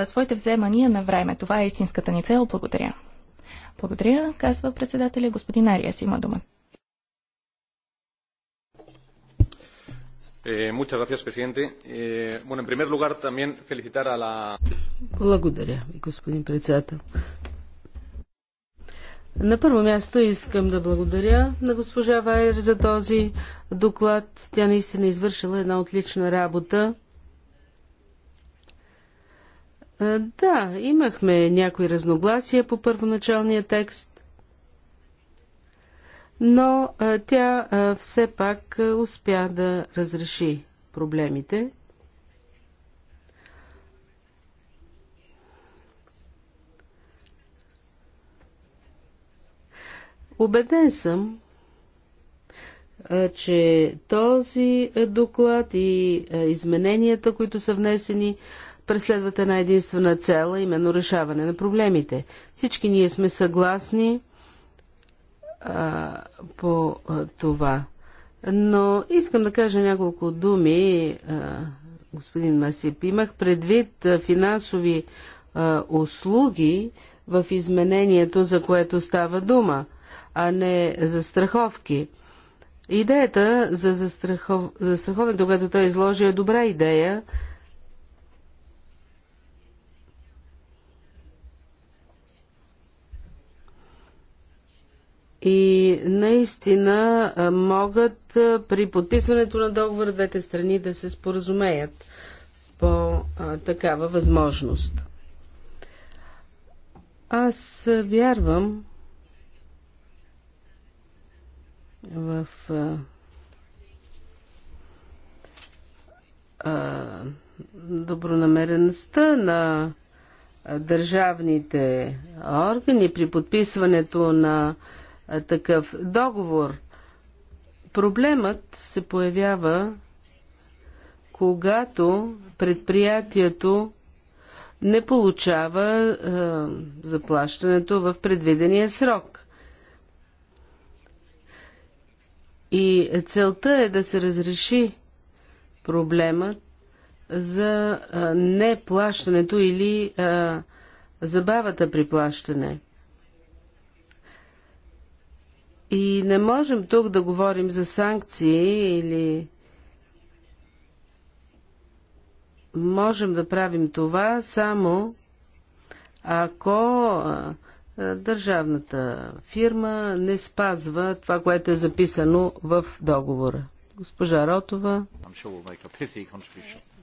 своите вземания на време. Това е истинската ни цел. Благодаря. Благодаря, казва председателя. Господин Ариас има дума. Е, е, Благодаря, господин председател. На първо място искам да благодаря на госпожа Вайер за този доклад. Тя наистина е извършила една отлична работа. Да, имахме някои разногласия по първоначалния текст, но тя все пак успя да разреши проблемите. Обеден съм, че този доклад и измененията, които са внесени, преследват една единствена цела, именно решаване на проблемите. Всички ние сме съгласни а, по а, това. Но искам да кажа няколко думи, а, господин Масип. Имах предвид финансови а, услуги в изменението, за което става дума – а не за страховки. Идеята за застраховането, което той изложи, е добра идея. И наистина могат при подписването на договора двете страни да се споразумеят по такава възможност. Аз вярвам, в а, а, добронамереността на държавните органи при подписването на такъв договор. Проблемът се появява, когато предприятието не получава а, заплащането в предвидения срок. И целта е да се разреши проблемът за неплащането или забавата при плащане. И не можем тук да говорим за санкции или можем да правим това само ако е, държавната фирма не спазва това, което е записано в договора. Госпожа Ротова.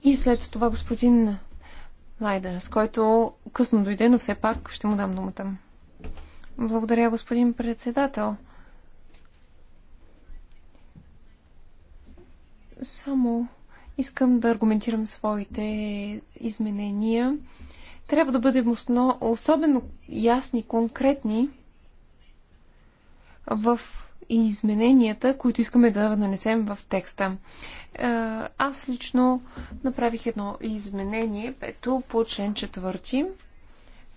И след това господин Лайдер, с който късно дойде, но все пак ще му дам думата. Благодаря, господин председател. Само искам да аргументирам своите изменения. Трябва да бъдем особено ясни, конкретни в измененията, които искаме да нанесем в текста. Е, аз лично направих едно изменение, пето по член четвърти,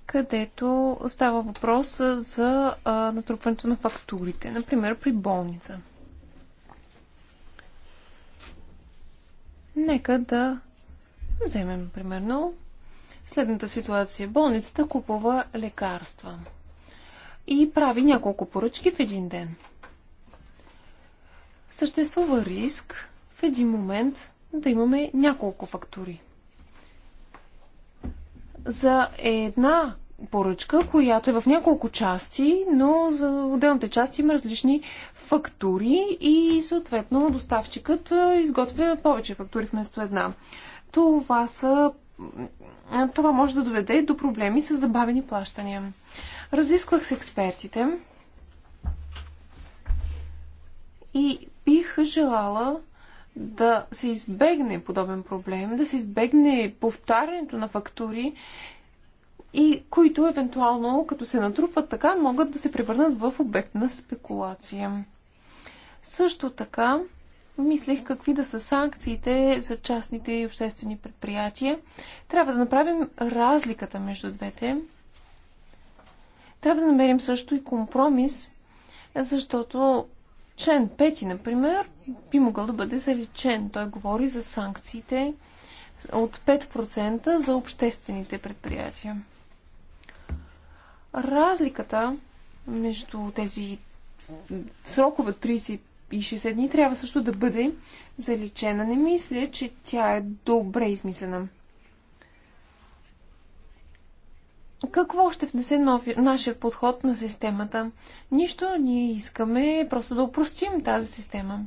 където става въпрос за натрупването на фактурите, например при болница. Нека да вземем примерно следната ситуация. Болницата купува лекарства и прави няколко поръчки в един ден. Съществува риск в един момент да имаме няколко фактури. За една поръчка, която е в няколко части, но за отделните части има различни фактури и съответно доставчикът изготвя повече фактури вместо една. Това са това може да доведе до проблеми с забавени плащания. Разисквах с експертите и бих желала да се избегне подобен проблем, да се избегне повтарянето на фактури и които евентуално, като се натрупват така, могат да се превърнат в обект на спекулация. Също така, мислех какви да са санкциите за частните и обществени предприятия. Трябва да направим разликата между двете. Трябва да намерим също и компромис, защото член 5, например, би могъл да бъде заличен. Той говори за санкциите от 5% за обществените предприятия. Разликата между тези срокове 35 и 60 дни трябва също да бъде заличена. Не мисля, че тя е добре измислена. Какво ще внесе нови, нашият подход на системата? Нищо, ние искаме просто да упростим тази система.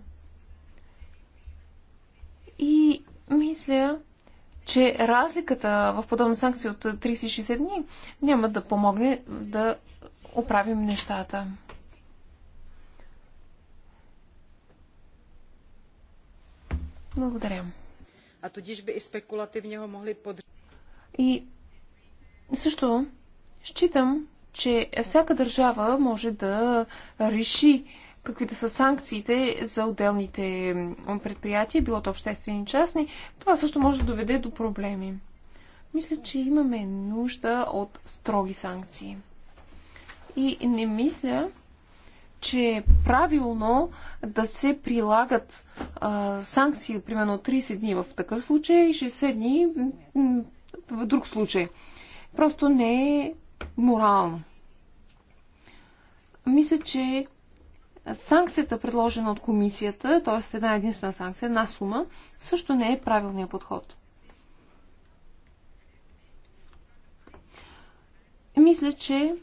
И мисля, че разликата в подобна санкция от 30-60 дни няма да помогне да оправим нещата. Благодаря. А tudíž би и спекулативно го могли под... И също считам, че всяка държава може да реши какви да са санкциите за отделните предприятия, било то обществени и частни. Това също може да доведе до проблеми. Мисля, че имаме нужда от строги санкции. И не мисля, че правилно да се прилагат а, санкции, примерно 30 дни в такъв случай и 60 дни в друг случай. Просто не е морално. Мисля, че санкцията, предложена от комисията, т.е. една единствена санкция, една сума, също не е правилният подход. Мисля, че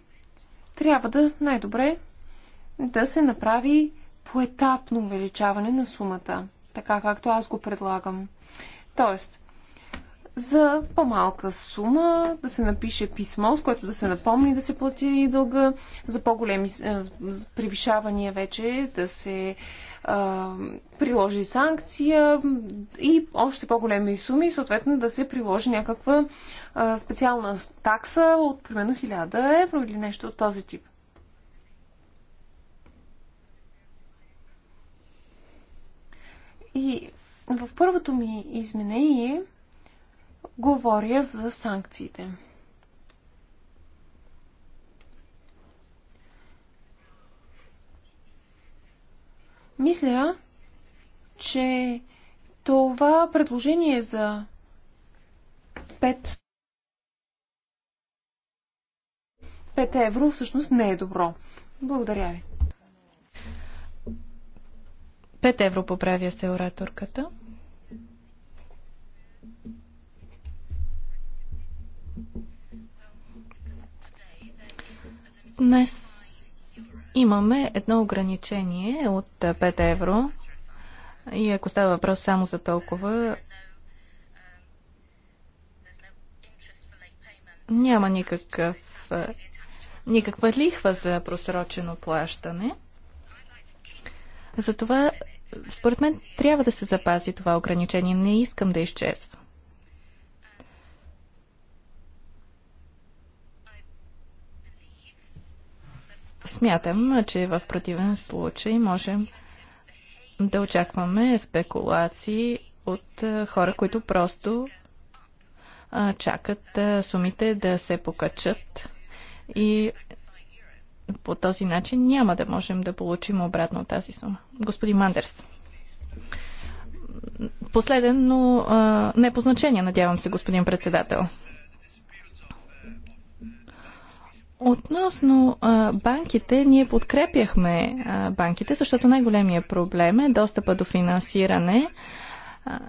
трябва да най-добре да се направи поетапно увеличаване на сумата, така както аз го предлагам. Тоест, за по-малка сума да се напише писмо, с което да се напомни да се плати дълга, за по-големи е, превишавания вече да се е, приложи санкция и още по-големи суми, съответно да се приложи някаква е, специална такса от примерно 1000 евро или нещо от този тип. И в първото ми изменение говоря за санкциите. Мисля, че това предложение за 5, 5 евро всъщност не е добро. Благодаря ви. 5 евро поправя се ораторката. Днес имаме едно ограничение от 5 евро и ако става въпрос само за толкова, няма никакъв, никаква лихва за просрочено плащане. Затова според мен трябва да се запази това ограничение. Не искам да изчезва. Смятам, че в противен случай можем да очакваме спекулации от хора, които просто чакат сумите да се покачат и по този начин няма да можем да получим обратно тази сума. Господин Мандерс. Последен, но а, не по значение, надявам се, господин председател. Относно а, банките, ние подкрепяхме а, банките, защото най-големия проблем е достъпа до финансиране. А,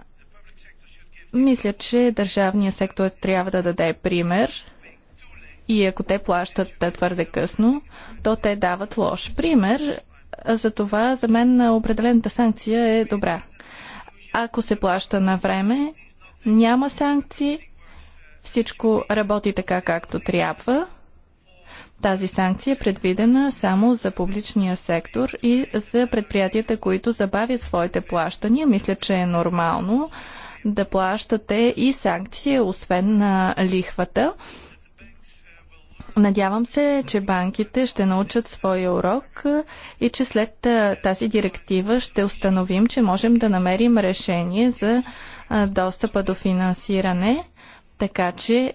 мисля, че държавният сектор трябва да даде пример и ако те плащат е, твърде късно, то те дават лош пример. Затова за мен е, определената санкция е добра. Ако се плаща на време, няма санкции, всичко работи така както трябва. Тази санкция е предвидена само за публичния сектор и за предприятията, които забавят своите плащания. Мисля, че е нормално да плащате и санкция, освен на лихвата. Надявам се, че банките ще научат своя урок и че след тази директива ще установим, че можем да намерим решение за достъпа до финансиране, така че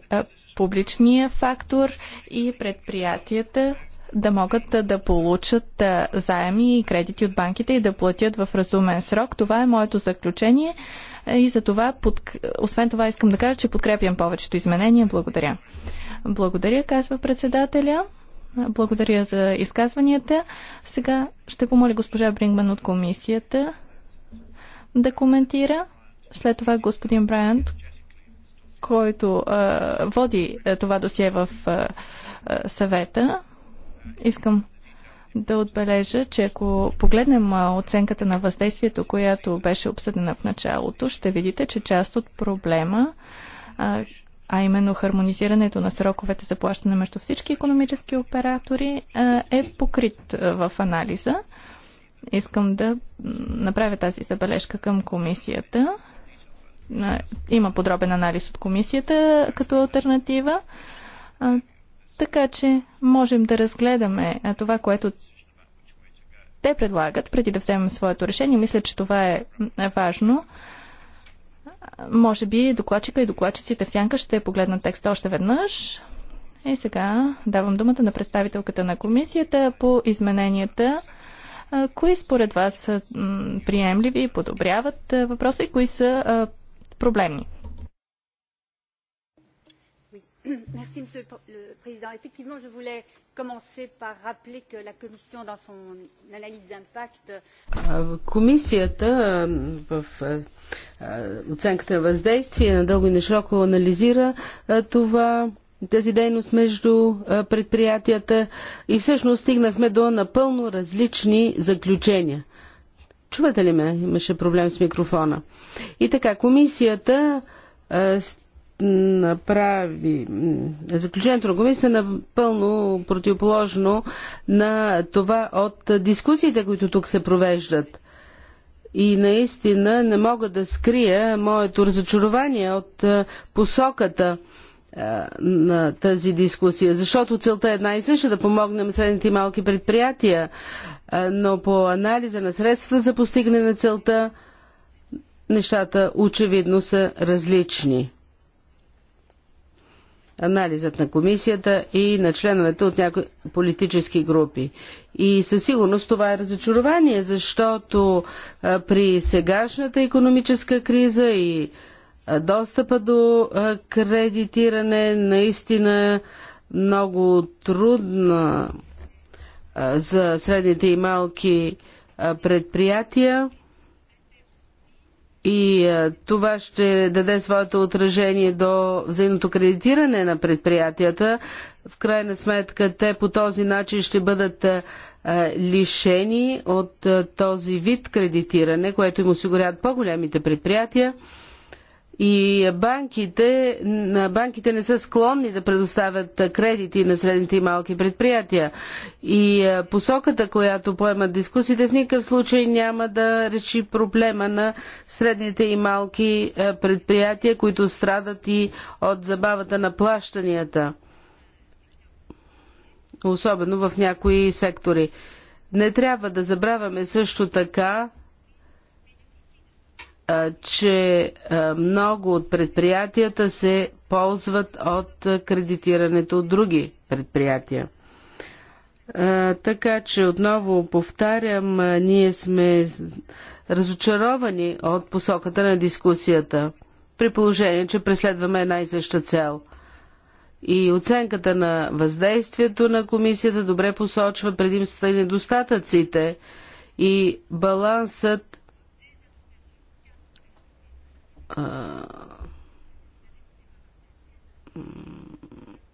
публичния фактор и предприятията да могат да получат заеми и кредити от банките и да платят в разумен срок. Това е моето заключение и за това, под... освен това искам да кажа, че подкрепям повечето изменения. Благодаря. Благодаря, казва председателя. Благодаря за изказванията. Сега ще помоля госпожа Брингман от комисията да коментира. След това господин Брайант, който а, води а, това досие в а, а, съвета. Искам да отбележа, че ако погледнем оценката на въздействието, която беше обсъдена в началото, ще видите, че част от проблема а, а именно хармонизирането на сроковете за плащане между всички економически оператори, е покрит в анализа. Искам да направя тази забележка към комисията. Има подробен анализ от комисията като альтернатива. Така че можем да разгледаме това, което те предлагат, преди да вземем своето решение. Мисля, че това е важно. Може би докладчика и докладчиците в сянка ще погледнат текста още веднъж. И сега давам думата на представителката на комисията по измененията. Кои според вас са приемливи и подобряват въпроса и кои са проблемни? monsieur le président effectivement je voulais commencer par rappeler que la commission dans son analyse d'impact Комисията в оценката на въздействие надълго и нашироко анализира това тази дейност между предприятията и всъщност стигнахме до напълно различни заключения. Чувате ли ме? Имаше проблем с микрофона. И така, комисията направи заключението на комисията е напълно противоположно на това от дискусиите, които тук се провеждат. И наистина не мога да скрия моето разочарование от посоката на тази дискусия, защото целта е една и съща да помогнем средните и малки предприятия, но по анализа на средствата за постигане на целта нещата очевидно са различни анализът на комисията и на членовете от някои политически групи. И със сигурност това е разочарование, защото при сегашната економическа криза и достъпа до кредитиране наистина много трудна за средните и малки предприятия. И е, това ще даде своето отражение до взаимното кредитиране на предприятията. В крайна сметка те по този начин ще бъдат е, лишени от е, този вид кредитиране, което им осигуряват по-големите предприятия и банките, банките не са склонни да предоставят кредити на средните и малки предприятия. И е, посоката, която поемат дискусиите, в никакъв случай няма да реши проблема на средните и малки е, предприятия, които страдат и от забавата на плащанията. Особено в някои сектори. Не трябва да забравяме също така, че много от предприятията се ползват от кредитирането от други предприятия. Така че отново повтарям, ние сме разочаровани от посоката на дискусията, при положение, че преследваме една и съща цел. И оценката на въздействието на комисията добре посочва предимствата и недостатъците и балансът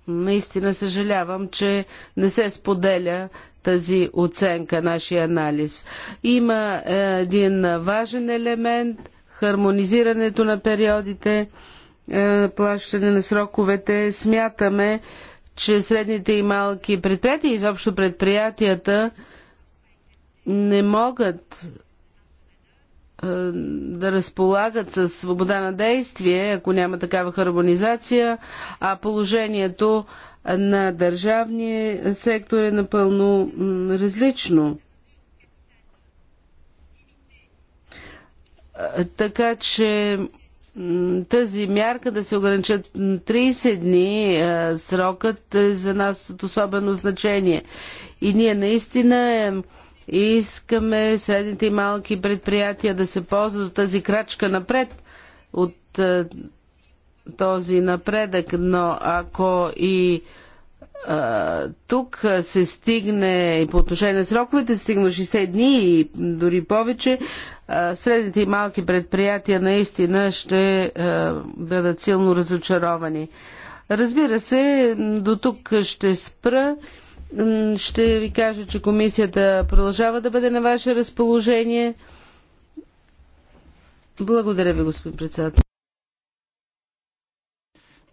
наистина съжалявам, че не се споделя тази оценка, нашия анализ. Има е, един важен елемент хармонизирането на периодите, е, плащане на сроковете. Смятаме, че средните и малки предприятия, изобщо предприятията, не могат е, да разполагат с свобода на действие, ако няма такава хармонизация, а положението на държавния сектор е напълно различно. Е, така че тази мярка да се ограничат 30 дни, е, срокът е за нас от особено значение. И ние наистина Искаме средните и малки предприятия да се ползват от тази крачка напред, от е, този напредък, но ако и а, е, тук се стигне и по отношение на сроковете се стигна 60 дни и дори повече, а, е, средните и малки предприятия наистина ще бъдат силно разочаровани. Разбира се, до тук ще спра. Ще ви кажа, че комисията продължава да бъде на ваше разположение. Благодаря ви, господин председател.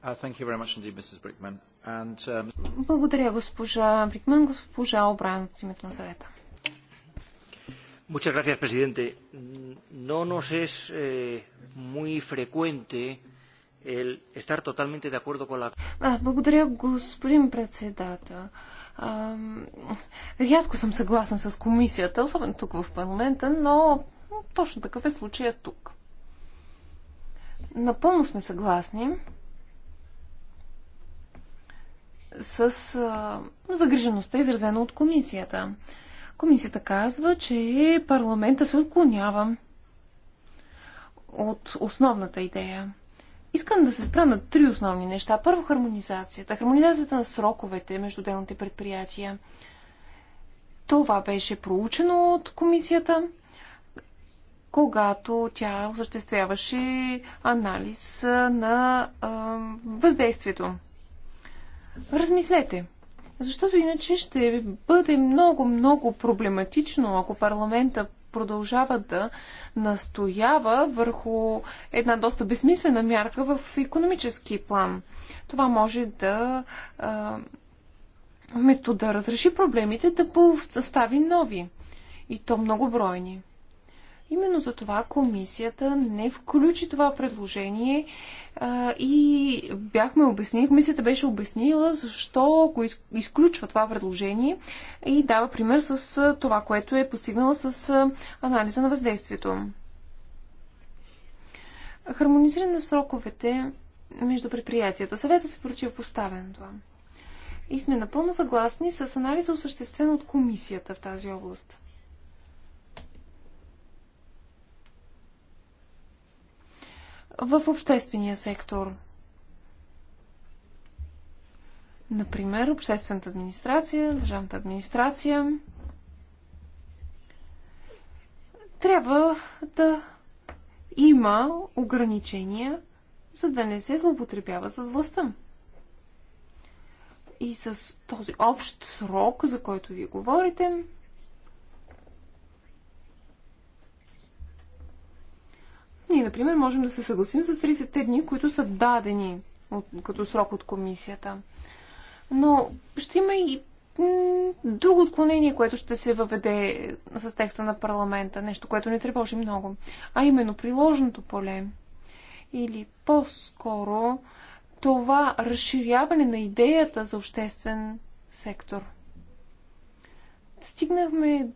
Uh, um, благодаря, госпожа Брикман. Госпожа Обран от името на съвета. Muchas gracias, presidente. No nos es eh, muy frecuente el estar totalmente de acuerdo con la. Ah, благодаря, господин председател. Рядко съм съгласна с комисията, особено тук в парламента, но точно такъв е случая тук. Напълно сме съгласни с загрижеността, изразена от комисията. Комисията казва, че парламента се отклонява от основната идея – Искам да се спра на три основни неща. Първо хармонизацията. Хармонизацията на сроковете между отделните предприятия. Това беше проучено от комисията, когато тя осъществяваше анализ на а, въздействието. Размислете, защото иначе ще бъде много, много проблематично, ако парламента продължава да настоява върху една доста безсмислена мярка в економически план. Това може да вместо да разреши проблемите, да постави нови. И то много бройни. Именно за това комисията не включи това предложение а, и бяхме обяснили, комисията беше обяснила защо го изключва това предложение и дава пример с това, което е постигнала с анализа на въздействието. Хармонизиране на сроковете между предприятията. съветът се противопоставя на това. И сме напълно съгласни с анализа, осъществен от комисията в тази област. в обществения сектор. Например, обществената администрация, държавната администрация трябва да има ограничения, за да не се злоупотребява с властта. И с този общ срок, за който ви говорите, Ние, например, можем да се съгласим с 30-те дни, които са дадени от, като срок от комисията. Но ще има и друго отклонение, което ще се въведе с текста на парламента, нещо, което не тревожи много, а именно приложното поле или по-скоро това разширяване на идеята за обществен сектор. Стигнахме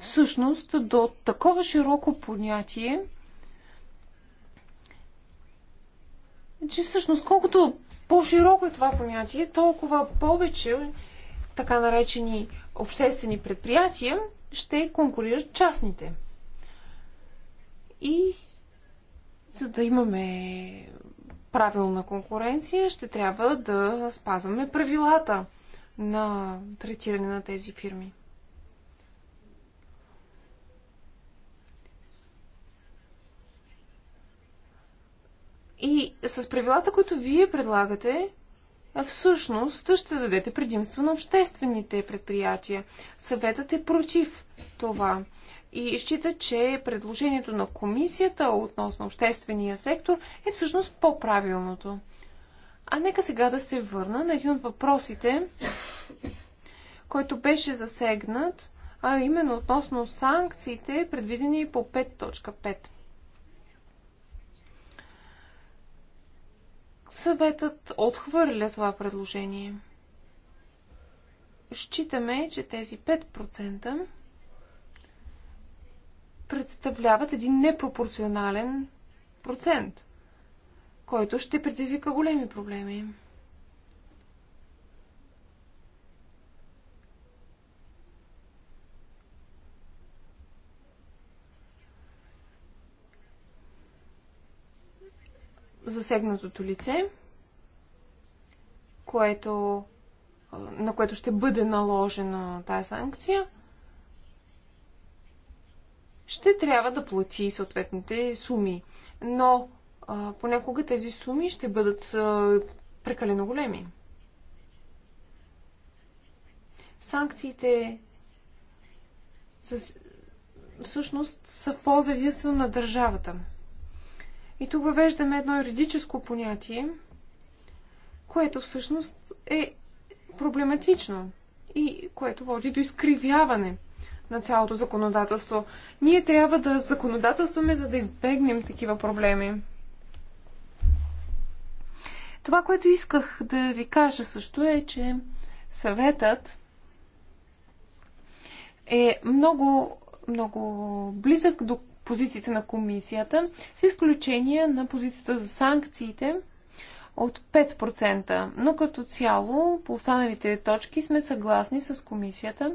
всъщност до такова широко понятие, че всъщност колкото по-широко е това понятие, толкова повече така наречени обществени предприятия ще конкурират частните. И за да имаме правилна конкуренция, ще трябва да спазваме правилата на третиране на тези фирми. И с правилата, които вие предлагате, всъщност ще дадете предимство на обществените предприятия. Съветът е против това и счита, че предложението на комисията относно обществения сектор е всъщност по-правилното. А нека сега да се върна на един от въпросите, който беше засегнат, а именно относно санкциите, предвидени по 5.5. Съветът отхвърля това предложение. Считаме, че тези 5% представляват един непропорционален процент, който ще предизвика големи проблеми. засегнатото лице, което, на което ще бъде наложена тази санкция, ще трябва да плати съответните суми. Но а, понякога тези суми ще бъдат а, прекалено големи. Санкциите с... всъщност са в полза единствено на държавата. И тук въвеждаме едно юридическо понятие, което всъщност е проблематично и което води до изкривяване на цялото законодателство. Ние трябва да законодателстваме, за да избегнем такива проблеми. Това, което исках да ви кажа също е, че съветът е много, много близък до позициите на комисията, с изключение на позицията за санкциите от 5%. Но като цяло по останалите точки сме съгласни с комисията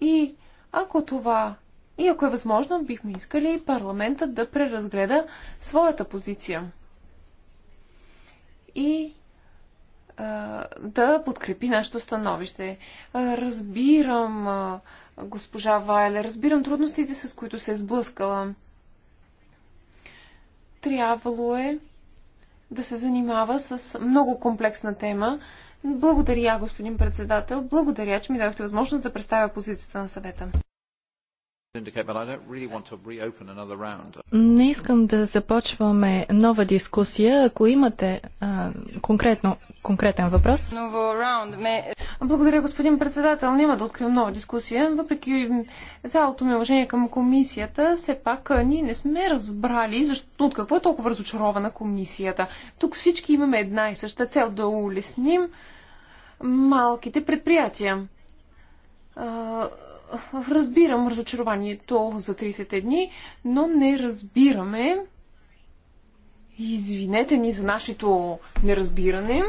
и ако това и ако е възможно, бихме искали парламентът да преразгледа своята позиция и а, да подкрепи нашето становище. А, разбирам а, госпожа Вайле. Разбирам трудностите, с които се е сблъскала. Трябвало е да се занимава с много комплексна тема. Благодаря, господин председател. Благодаря, че ми дадохте възможност да представя позицията на съвета. Не искам да започваме нова дискусия. Ако имате а, конкретно конкретен въпрос. Благодаря, господин председател. Няма да открием нова дискусия. Въпреки цялото ми уважение към комисията, все пак ние не сме разбрали защо, от какво е толкова разочарована комисията. Тук всички имаме една и съща цел да улесним малките предприятия. Разбирам разочарованието за 30 дни, но не разбираме Извинете ни за нашето неразбиране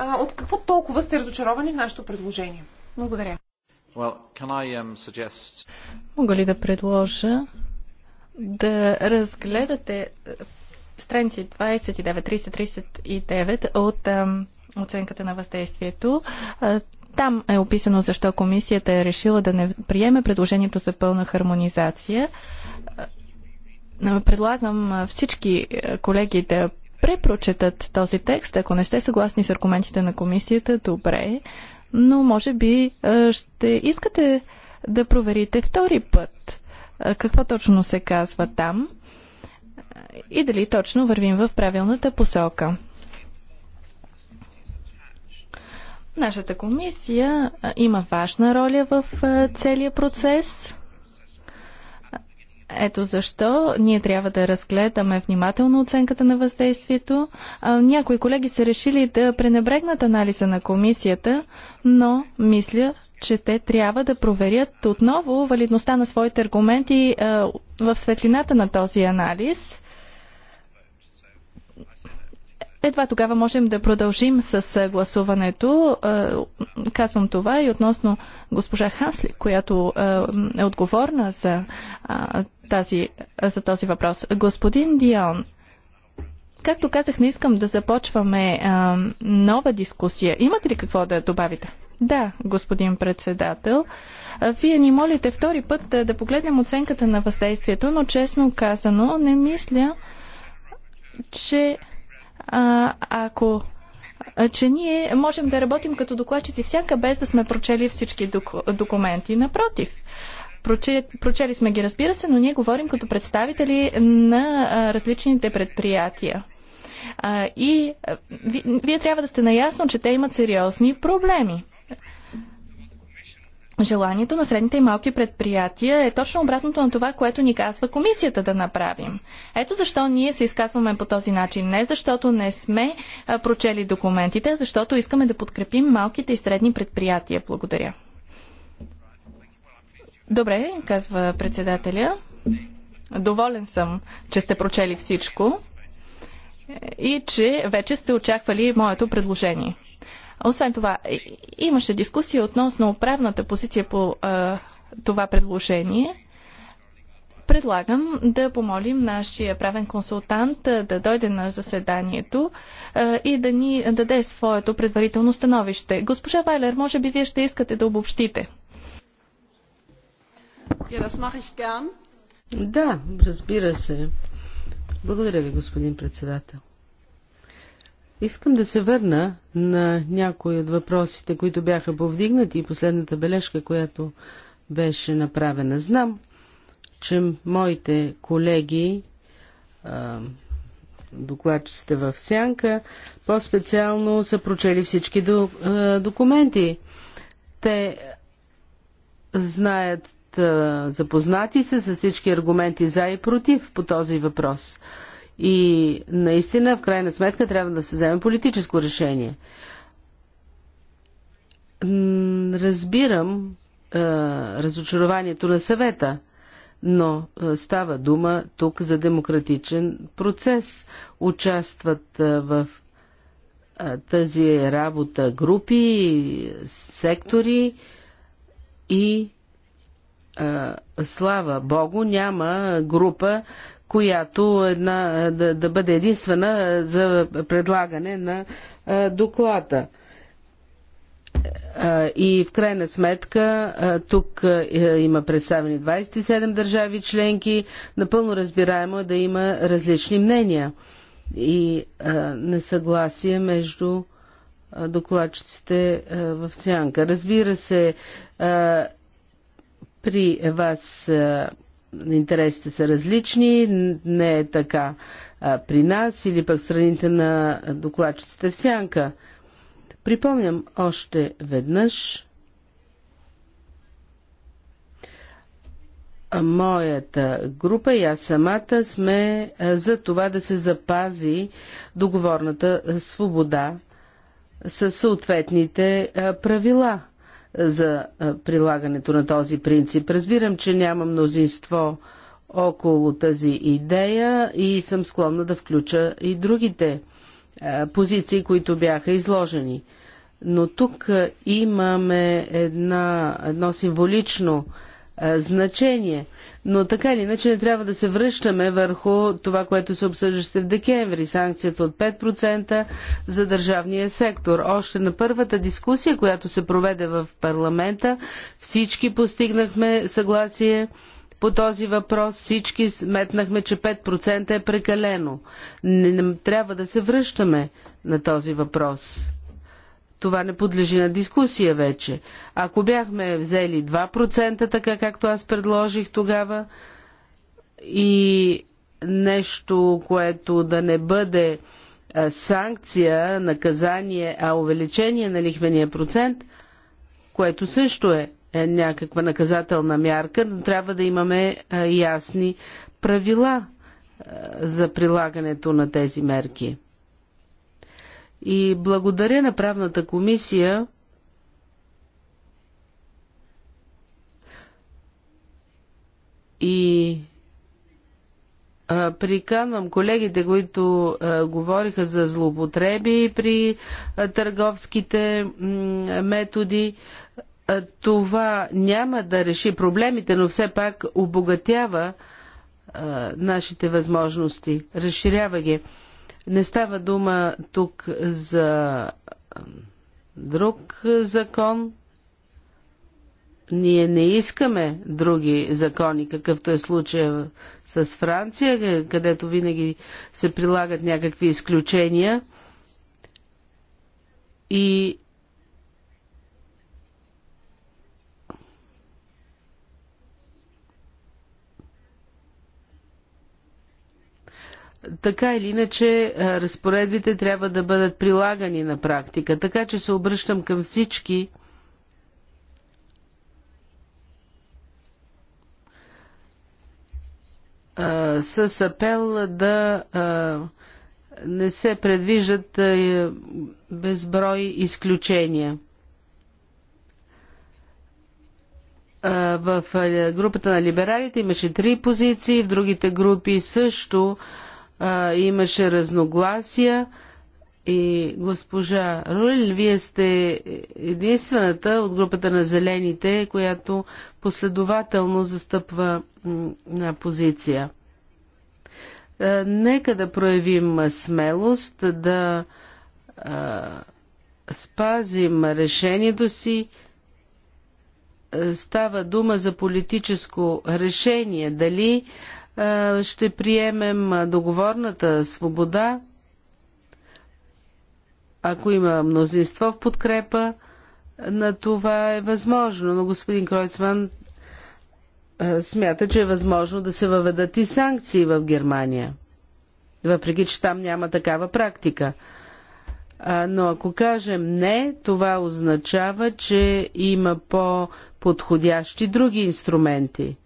от какво толкова сте разочаровани в нашето предложение? Благодаря. Well, I, um, suggest... Мога ли да предложа да разгледате е, страници 29, 30, 39 от ам, оценката на въздействието. там е описано защо комисията е решила да не приеме предложението за пълна хармонизация. Предлагам всички е, колеги да препрочетат този текст. Ако не сте съгласни с аргументите на комисията, добре, но може би ще искате да проверите втори път какво точно се казва там и дали точно вървим в правилната посока. Нашата комисия има важна роля в целия процес. Ето защо ние трябва да разгледаме внимателно оценката на въздействието. Някои колеги са решили да пренебрегнат анализа на комисията, но мисля, че те трябва да проверят отново валидността на своите аргументи в светлината на този анализ едва тогава можем да продължим с е, гласуването. Е, казвам това и относно госпожа Хасли, която е, е отговорна за, тази, за този въпрос. Господин Дион, както казах, не искам да започваме нова дискусия. Имате ли какво да добавите? Да, господин председател. Вие ни молите втори път да погледнем оценката на въздействието, но честно казано не мисля, че а, ако че ние можем да работим като докладчици всяка без да сме прочели всички документи. Напротив, прочели, прочели сме ги, разбира се, но ние говорим като представители на а, различните предприятия. А, и а, ви, вие трябва да сте наясно, че те имат сериозни проблеми. Желанието на средните и малки предприятия е точно обратното на това, което ни казва комисията да направим. Ето защо ние се изказваме по този начин. Не защото не сме а, прочели документите, а защото искаме да подкрепим малките и средни предприятия. Благодаря. Добре, казва председателя. Доволен съм, че сте прочели всичко и че вече сте очаквали моето предложение. Освен това, имаше дискусия относно правната позиция по а, това предложение. Предлагам да помолим нашия правен консултант да дойде на заседанието а, и да ни даде своето предварително становище. Госпожа Вайлер, може би вие ще искате да обобщите. Да, разбира се. Благодаря ви, господин председател. Искам да се върна на някои от въпросите, които бяха повдигнати и последната бележка, която беше направена. Знам, че моите колеги, докладчиците в Сянка, по-специално са прочели всички документи. Те знаят, запознати са с всички аргументи за и против по този въпрос. И наистина, в крайна сметка, трябва да се вземе политическо решение. Разбирам е, разочарованието на съвета, но става дума тук за демократичен процес. Участват в тази работа групи, сектори и слава Богу, няма група която една, да, да бъде единствена за предлагане на доклада. И в крайна сметка тук има представени 27 държави членки. Напълно разбираемо е да има различни мнения и несъгласие между докладчиците в сянка. Разбира се, при вас интересите са различни, не е така при нас или пък в страните на докладчиците в сянка. Припомням още веднъж моята група и аз самата сме за това да се запази договорната свобода със съответните правила – за прилагането на този принцип. Разбирам, че няма мнозинство около тази идея и съм склонна да включа и другите позиции, които бяха изложени. Но тук имаме една, едно символично значение. Но така или иначе не трябва да се връщаме върху това, което се обсъждаше в декември. Санкцията от 5% за държавния сектор. Още на първата дискусия, която се проведе в парламента, всички постигнахме съгласие по този въпрос. Всички сметнахме, че 5% е прекалено. Не, не трябва да се връщаме на този въпрос. Това не подлежи на дискусия вече. Ако бяхме взели 2%, така както аз предложих тогава, и нещо, което да не бъде санкция, наказание, а увеличение на лихвения процент, което също е, е някаква наказателна мярка, но трябва да имаме ясни правила за прилагането на тези мерки. И благодаря на правната комисия, и а, приканвам колегите, които а, говориха за злоупотреби при а, търговските методи. А, това няма да реши проблемите, но все пак обогатява а, нашите възможности, разширява ги. Не става дума тук за друг закон. Ние не искаме други закони, какъвто е случая с Франция, където винаги се прилагат някакви изключения. И така или иначе е, разпоредбите трябва да бъдат прилагани на практика. Така че се обръщам към всички а, е, с апел да а, е, не се предвиждат а, безброй изключения. в групата на либералите имаше три позиции, в другите групи също а, имаше разногласия и госпожа Руль, вие сте единствената от групата на зелените, която последователно застъпва на позиция. А, нека да проявим смелост, да а, спазим решението си, става дума за политическо решение, дали е, ще приемем договорната свобода, ако има мнозинство в подкрепа, на това е възможно. Но господин Кройцман е, смята, че е възможно да се въведат и санкции в Германия. Въпреки, че там няма такава практика. Но ако кажем не, това означава, че има по-подходящи други инструменти –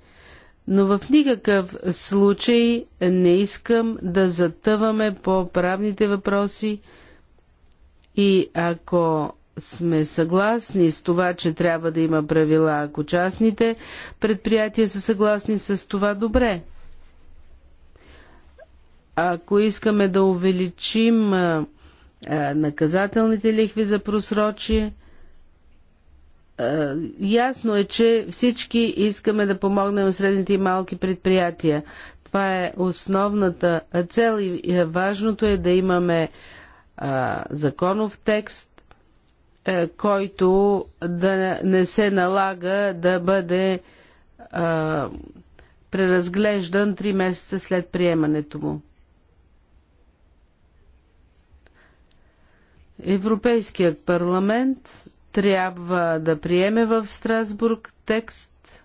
но в никакъв случай не искам да затъваме по правните въпроси и ако сме съгласни с това, че трябва да има правила, ако частните предприятия са съгласни с това, добре. Ако искаме да увеличим наказателните лихви за просрочие, е, ясно е, че всички искаме да помогнем средните и малки предприятия. Това е основната цел и важното е да имаме е, законов текст, е, който да не се налага да бъде а, преразглеждан три месеца след приемането му. Европейският парламент трябва да приеме в Страсбург текст.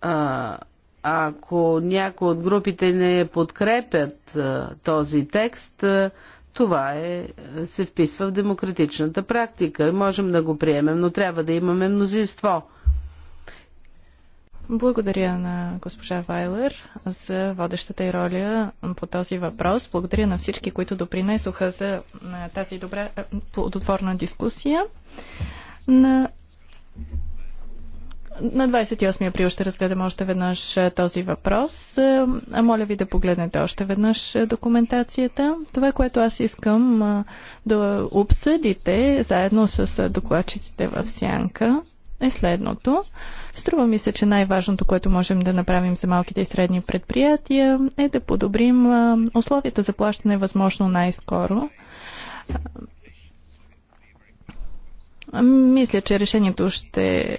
А, ако някои от групите не подкрепят а, този текст, а, това е, се вписва в демократичната практика и можем да го приемем, но трябва да имаме мнозинство. Благодаря на госпожа Вайлер за водещата й роля по този въпрос. Благодаря на всички, които допринесоха за тази добра плодотворна дискусия. На на 28 април ще разгледам още веднъж този въпрос. Моля ви да погледнете още веднъж документацията. Това, което аз искам да обсъдите заедно с докладчиците в Сянка, е следното. Струва ми се, че най-важното, което можем да направим за малките и средни предприятия е да подобрим условията за плащане възможно най-скоро. Мисля, че решението ще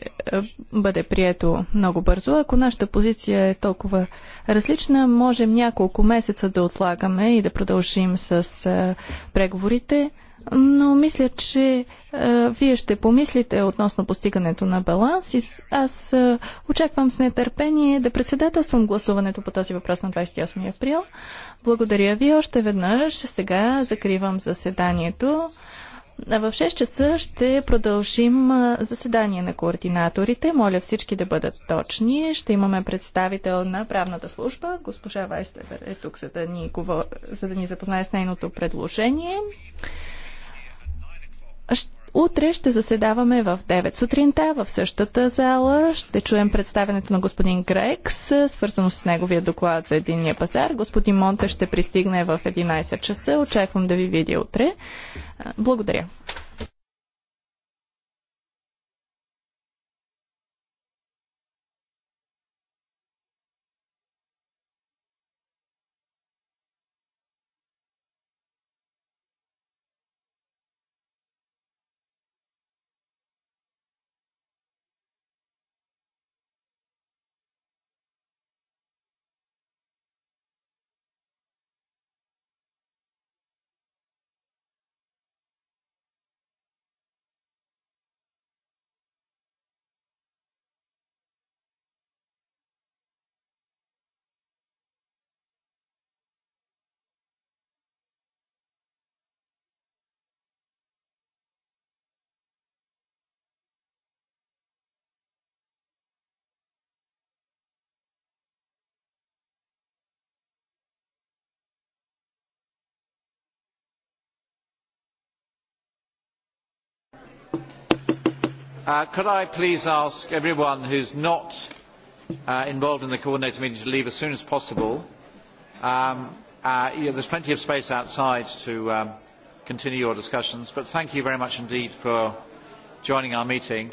бъде прието много бързо. Ако нашата позиция е толкова различна, можем няколко месеца да отлагаме и да продължим с преговорите но мисля, че а, е, вие ще помислите относно постигането на баланс и аз а, е, очаквам с нетърпение да председателствам гласуването по този въпрос на 28 април. Благодаря ви още веднъж. Сега закривам заседанието. В 6 часа ще продължим е, заседание на координаторите. Моля всички да бъдат точни. Ще имаме представител на правната служба. Госпожа Вайслер е тук, за да ни, за да ни запознае с нейното предложение. Утре ще заседаваме в 9 сутринта в същата зала. Ще чуем представенето на господин Грекс, свързано с неговия доклад за единния пазар. Господин Монте ще пристигне в 11 часа. Очаквам да ви видя утре. Благодаря. could I please ask everyone who is not involved in the coordinator meeting to leave as soon as possible? There is plenty of space outside to continue your discussions, but thank you very much indeed for joining our meeting.